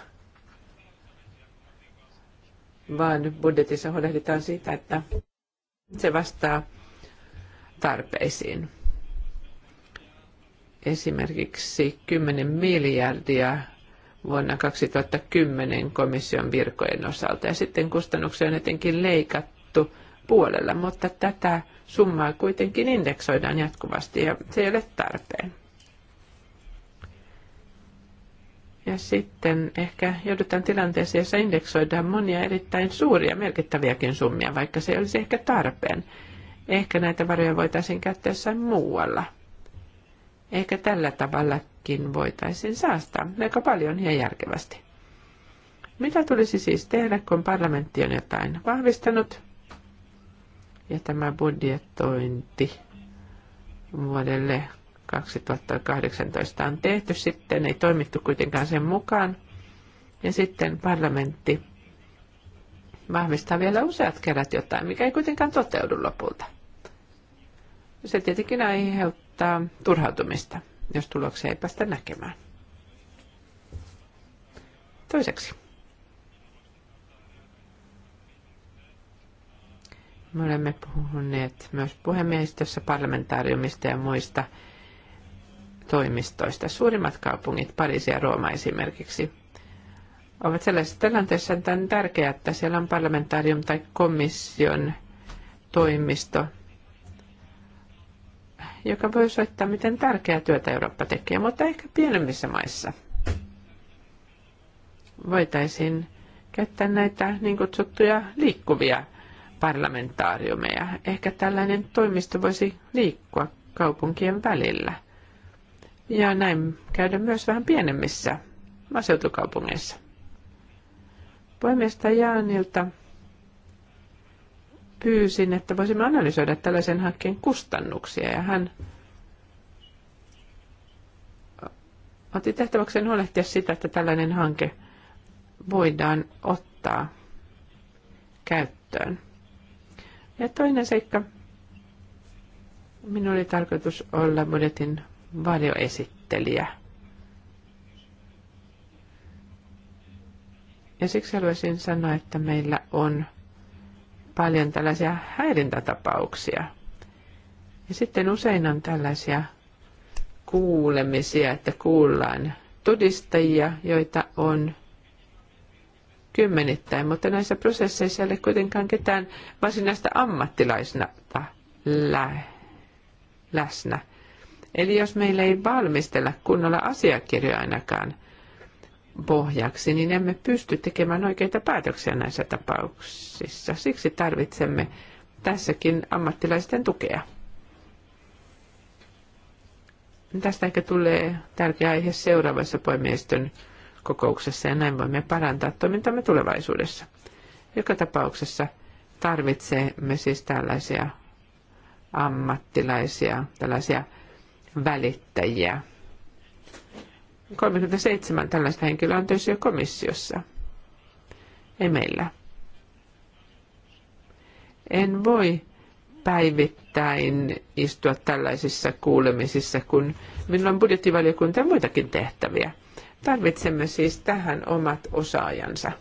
vaan budjetissa huolehditaan siitä, että se vastaa tarpeisiin. Esimerkiksi 10 miljardia vuonna 2010 komission virkojen osalta ja sitten kustannuksia on jotenkin leikattu puolella, mutta tätä summaa kuitenkin indeksoidaan jatkuvasti ja se ei ole tarpeen. Ja sitten ehkä joudutaan tilanteeseen, jossa indeksoidaan monia erittäin suuria merkittäviäkin summia, vaikka se olisi ehkä tarpeen. Ehkä näitä varoja voitaisiin käyttää jossain muualla. Ehkä tällä tavallakin voitaisiin säästää aika paljon ja järkevästi. Mitä tulisi siis tehdä, kun parlamentti on jotain vahvistanut ja tämä budjetointi vuodelle 2018 on tehty sitten, ei toimittu kuitenkaan sen mukaan. Ja sitten parlamentti vahvistaa vielä useat kerrat jotain, mikä ei kuitenkaan toteudu lopulta se tietenkin aiheuttaa turhautumista, jos tuloksia ei päästä näkemään. Toiseksi. Me olemme puhuneet myös puhemiehistössä parlamentaariumista ja muista toimistoista. Suurimmat kaupungit, Pariisi ja Rooma esimerkiksi, ovat sellaisessa tilanteessa, että on tärkeää, että siellä on parlamentaarium tai komission toimisto – joka voi osoittaa, miten tärkeää työtä Eurooppa tekee, mutta ehkä pienemmissä maissa voitaisiin käyttää näitä niin kutsuttuja liikkuvia parlamentaariumeja. Ehkä tällainen toimisto voisi liikkua kaupunkien välillä. Ja näin käydä myös vähän pienemmissä maaseutukaupungeissa. Puhemies Jaanilta pyysin, että voisimme analysoida tällaisen hankkeen kustannuksia ja hän otti tehtäväkseen huolehtia sitä, että tällainen hanke voidaan ottaa käyttöön. Ja toinen seikka, minulla oli tarkoitus olla budjetin varjoesittelijä. Ja siksi haluaisin sanoa, että meillä on paljon tällaisia häirintätapauksia. Ja sitten usein on tällaisia kuulemisia, että kuullaan todistajia, joita on kymmenittäin, mutta näissä prosesseissa ei ole kuitenkaan ketään varsinaista ammattilaisna lä- läsnä. Eli jos meillä ei valmistella kunnolla asiakirjoja ainakaan – pohjaksi, niin emme pysty tekemään oikeita päätöksiä näissä tapauksissa. Siksi tarvitsemme tässäkin ammattilaisten tukea. Tästä ehkä tulee tärkeä aihe seuraavassa poimiestön kokouksessa ja näin voimme parantaa toimintamme tulevaisuudessa. Joka tapauksessa tarvitsemme siis tällaisia ammattilaisia, tällaisia välittäjiä 37 tällaista henkilöä on töissä jo komissiossa. Ei meillä. En voi päivittäin istua tällaisissa kuulemisissa, kun minulla on budjettivaliokunta ja muitakin tehtäviä. Tarvitsemme siis tähän omat osaajansa.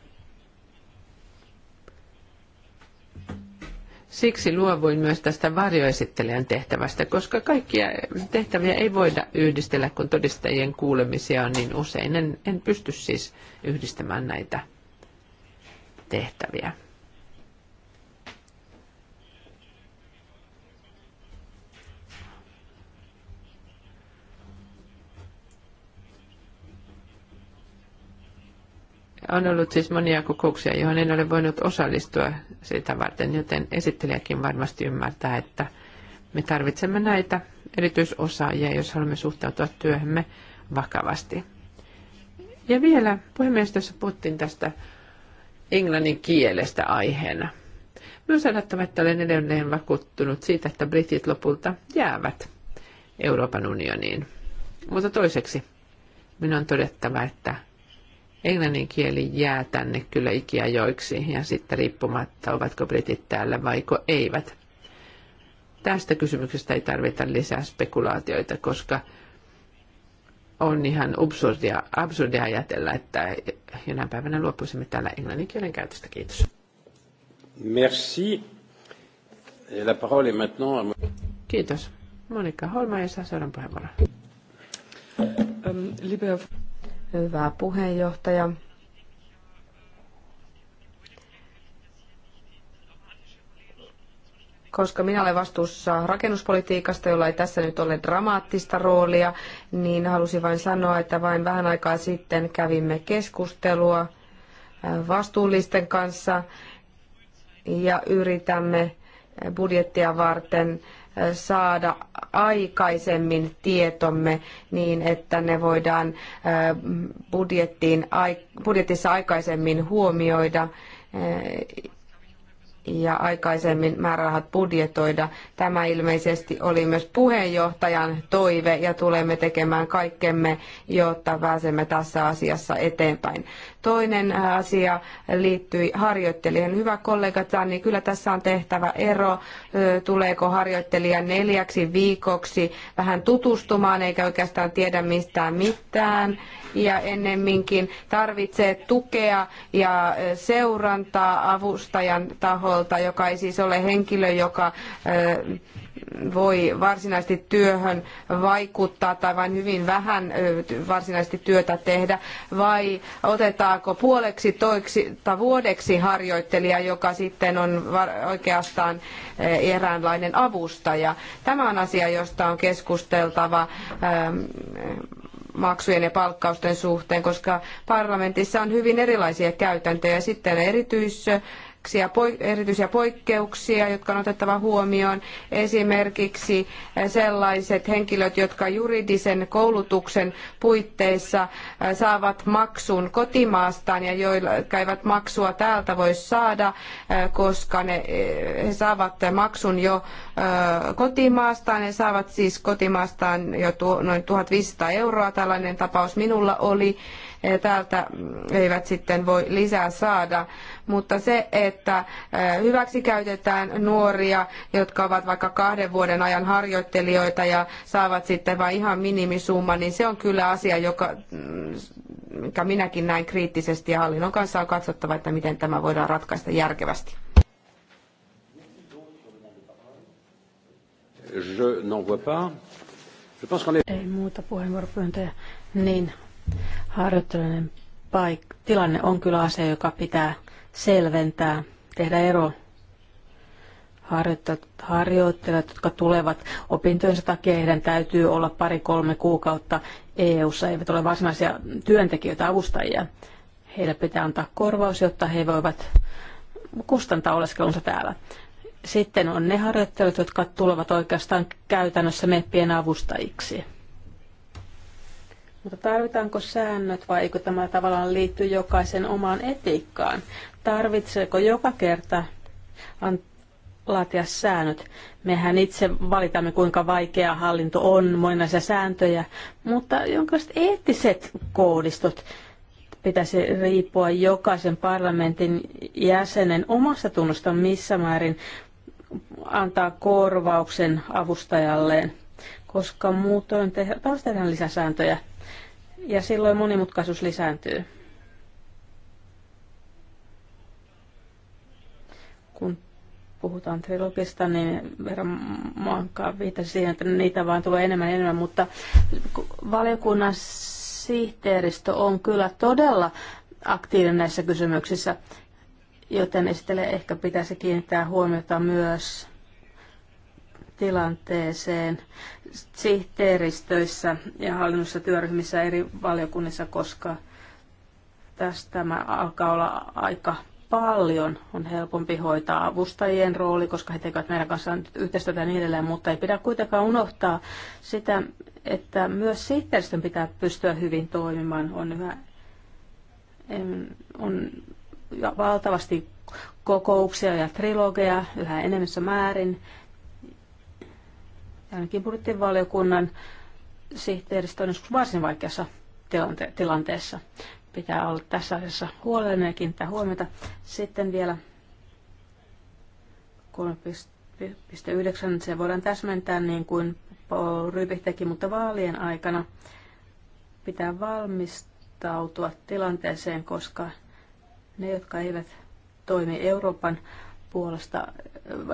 Siksi luovuin myös tästä varjoesittelijän tehtävästä, koska kaikkia tehtäviä ei voida yhdistellä, kun todistajien kuulemisia on niin usein. En, en pysty siis yhdistämään näitä tehtäviä. On ollut siis monia kokouksia, joihin en ole voinut osallistua sitä varten, joten esittelijäkin varmasti ymmärtää, että me tarvitsemme näitä erityisosaajia, jos haluamme suhtautua työhömme vakavasti. Ja vielä puhemiestössä puhuttiin tästä englannin kielestä aiheena. Myös sanottava, että olen edelleen vakuuttunut siitä, että britit lopulta jäävät Euroopan unioniin. Mutta toiseksi minun on todettava, että englannin kieli jää tänne kyllä ikiajoiksi ja sitten riippumatta, ovatko britit täällä vaiko eivät. Tästä kysymyksestä ei tarvita lisää spekulaatioita, koska on ihan absurdia, absurdia ajatella, että jonain päivänä luopuisimme täällä englannin kielen käytöstä. Kiitos. Merci. La parole est maintenant Kiitos. Monika Holma ja saa seuraavan puheenvuoron. Um, Hyvä puheenjohtaja. koska minä olen vastuussa rakennuspolitiikasta, jolla ei tässä nyt ole dramaattista roolia, niin halusin vain sanoa, että vain vähän aikaa sitten kävimme keskustelua äh, vastuullisten kanssa ja yritämme budjettia varten saada aikaisemmin tietomme niin, että ne voidaan budjettiin, budjetissa aikaisemmin huomioida ja aikaisemmin määrärahat budjetoida. Tämä ilmeisesti oli myös puheenjohtajan toive ja tulemme tekemään kaikkemme, jotta pääsemme tässä asiassa eteenpäin. Toinen äh, asia liittyi harjoittelijan. Hyvä kollega Tanni, kyllä tässä on tehtävä ero, tuleeko harjoittelija neljäksi viikoksi vähän tutustumaan, eikä oikeastaan tiedä mistään mitään, ja ennemminkin tarvitsee tukea ja seurantaa avustajan taholta, joka ei siis ole henkilö, joka voi varsinaisesti työhön vaikuttaa tai vain hyvin vähän varsinaisesti työtä tehdä, vai otetaanko puoleksi toiksi, tai vuodeksi harjoittelija, joka sitten on oikeastaan eräänlainen avustaja. Tämä on asia, josta on keskusteltava ähm, maksujen ja palkkausten suhteen, koska parlamentissa on hyvin erilaisia käytäntöjä. Sitten erityis erityisiä, erityisiä poikkeuksia, jotka on otettava huomioon. Esimerkiksi eh, sellaiset henkilöt, jotka juridisen koulutuksen puitteissa eh, saavat maksun kotimaastaan ja jotka eivät maksua täältä voi saada, eh, koska ne, he saavat maksun jo kotimaastaan. He saavat siis kotimaastaan jo noin 1500 euroa. Tällainen tapaus minulla oli täältä mm, eivät sitten voi lisää saada. Mutta se, että hyväksi käytetään nuoria, jotka ovat vaikka kahden vuoden ajan harjoittelijoita ja saavat sitten vain ihan minimisumma, niin se on kyllä asia, joka, mm, mikä minäkin näin kriittisesti ja hallinnon kanssa on katsottava, että miten tämä voidaan ratkaista järkevästi. Je n'en vois pas. Je pense qu'on est... Ei muuta puheenvuoropyyntöjä. Niin, harjoittelujen paik- tilanne on kyllä asia, joka pitää selventää, tehdä ero harjoittelijat, jotka tulevat opintojensa takia, heidän täytyy olla pari-kolme kuukautta EU-ssa, eivät ole varsinaisia työntekijöitä, avustajia. Heille pitää antaa korvaus, jotta he voivat kustantaa oleskelunsa täällä. Sitten on ne harjoittelijat, jotka tulevat oikeastaan käytännössä meppien avustajiksi mutta tarvitaanko säännöt vai eikö tämä tavallaan liitty jokaisen omaan etiikkaan? Tarvitseeko joka kerta laatia säännöt? Mehän itse valitamme, kuinka vaikea hallinto on, moninaisia sääntöjä, mutta jonkinlaiset eettiset koodistot pitäisi riippua jokaisen parlamentin jäsenen omasta tunnosta, missä määrin antaa korvauksen avustajalleen, koska muutoin tehdään lisäsääntöjä ja silloin monimutkaisuus lisääntyy. Kun puhutaan trilogista, niin verran maankaan viittasi siihen, että niitä vaan tulee enemmän ja enemmän, mutta valiokunnan sihteeristö on kyllä todella aktiivinen näissä kysymyksissä, joten esitelle ehkä pitäisi kiinnittää huomiota myös tilanteeseen sihteeristöissä ja hallinnossa työryhmissä eri valiokunnissa, koska tästä tämä alkaa olla aika paljon. On helpompi hoitaa avustajien rooli, koska he tekevät meidän kanssaan yhteistyötä ja niin edelleen, mutta ei pidä kuitenkaan unohtaa sitä, että myös sihteeristön pitää pystyä hyvin toimimaan. On, yhä, on valtavasti kokouksia ja trilogeja yhä enemmissä määrin ainakin budjettivaliokunnan sihteeristö on joskus varsin vaikeassa tilante- tilanteessa. Pitää olla tässä asiassa huolellinen ja kiinnittää huomiota. Sitten vielä 3.9. Se voidaan täsmentää niin kuin Paul Rybik teki, mutta vaalien aikana pitää valmistautua tilanteeseen, koska ne, jotka eivät toimi Euroopan puolesta,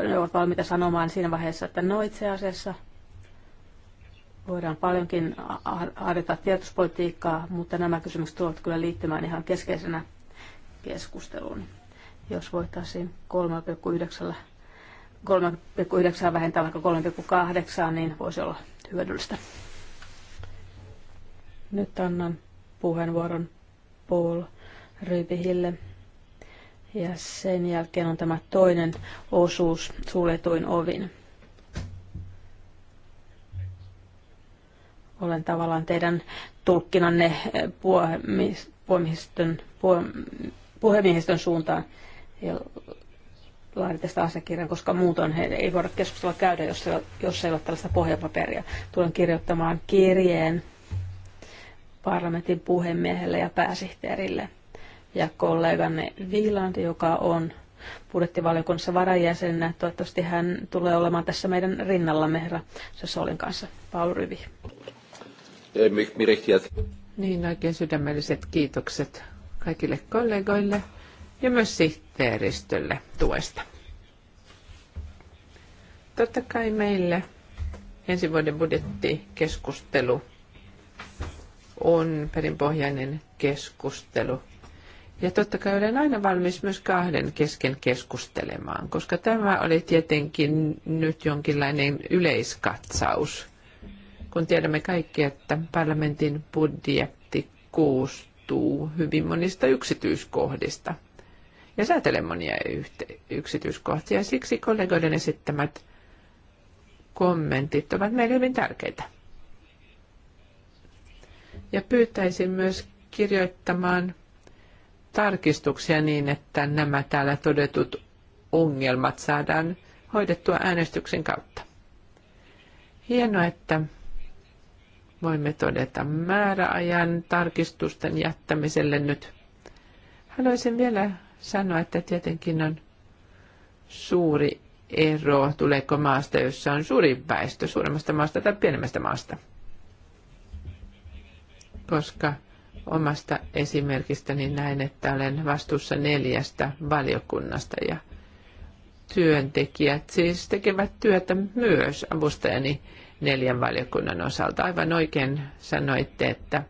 ne ovat valmiita sanomaan siinä vaiheessa, että no itse asiassa – Voidaan paljonkin harjoittaa tietospolitiikkaa, mutta nämä kysymykset tulevat kyllä liittymään ihan keskeisenä keskusteluun. Jos voitaisiin 3,9 3,9 vähentää vaikka 3,8, niin voisi olla hyödyllistä. Nyt annan puheenvuoron Paul Rybihille. Ja sen jälkeen on tämä toinen osuus suljetuin ovin. Olen tavallaan teidän tulkkinanne eh, puhemiehistön, puhemiehistön suuntaan ja laadin tästä asiakirjan, koska muutoin he ei voida keskustella käydä, jos ei, ole, jos ei ole tällaista pohjapaperia. Tulen kirjoittamaan kirjeen parlamentin puhemiehelle ja pääsihteerille ja kolleganne Viland, joka on budjettivaliokunnassa varajäsenenä. Toivottavasti hän tulee olemaan tässä meidän rinnallamme herra Sassolin kanssa. Paul Ryvi. Eh, niin, oikein sydämelliset kiitokset kaikille kollegoille ja myös sihteeristölle tuesta. Totta kai meille ensi vuoden budjettikeskustelu on perinpohjainen keskustelu. Ja totta kai olen aina valmis myös kahden kesken keskustelemaan, koska tämä oli tietenkin nyt jonkinlainen yleiskatsaus – kun tiedämme kaikki, että parlamentin budjetti koostuu hyvin monista yksityiskohdista ja säätelee monia yksityiskohtia. Siksi kollegoiden esittämät kommentit ovat meille hyvin tärkeitä. Ja pyytäisin myös kirjoittamaan tarkistuksia niin, että nämä täällä todetut ongelmat saadaan hoidettua äänestyksen kautta. Hienoa, että voimme todeta määräajan tarkistusten jättämiselle nyt. Haluaisin vielä sanoa, että tietenkin on suuri ero, tuleeko maasta, jossa on suuri väestö, suuremmasta maasta tai pienemmästä maasta. Koska omasta esimerkistäni näin, että olen vastuussa neljästä valiokunnasta ja työntekijät siis tekevät työtä myös avustajani neljän valiokunnan osalta. Aivan oikein sanoitte, että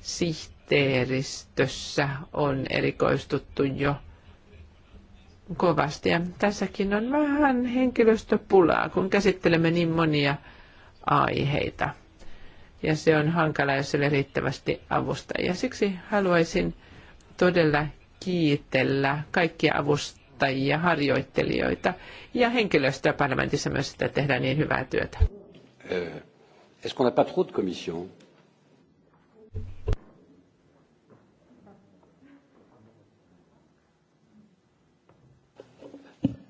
sihteeristössä on erikoistuttu jo kovasti. Ja tässäkin on vähän henkilöstöpulaa, kun käsittelemme niin monia aiheita. Ja se on hankala, jos ei riittävästi avustajia. Siksi haluaisin todella kiitellä kaikkia avustajia, harjoittelijoita ja henkilöstöä parlamentissa myös, että tehdään niin hyvää työtä euh, est-ce qu'on n'a pas trop de commissions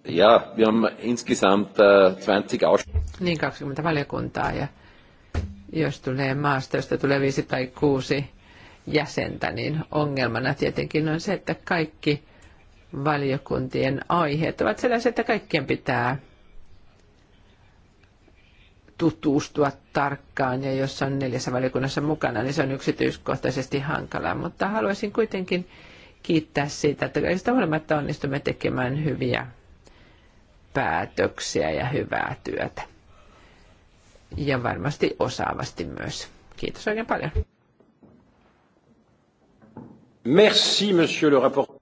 Ja, wir haben insgesamt äh, 20 Ausschüsse. Niin 20 valiokuntaa ja jos tulee maasta, josta tulee viisi tai kuusi jäsentä, niin ongelmana tietenkin on se, että kaikki valiokuntien aiheet ovat sellaisia, että kaikkien pitää tutustua tarkkaan ja jos on neljässä valiokunnassa mukana, niin se on yksityiskohtaisesti hankalaa. Mutta haluaisin kuitenkin kiittää siitä, että kaikista huolimatta onnistumme tekemään hyviä päätöksiä ja hyvää työtä. Ja varmasti osaavasti myös. Kiitos oikein paljon. Merci, monsieur le rapporteur.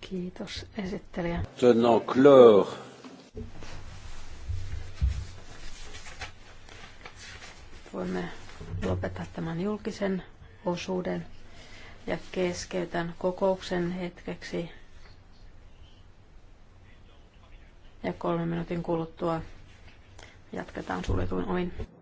Kiitos esittelijä. Tenant clore Voimme lopettaa tämän julkisen osuuden ja keskeytän kokouksen hetkeksi. Ja kolmen minuutin kuluttua jatketaan suljetuin oin.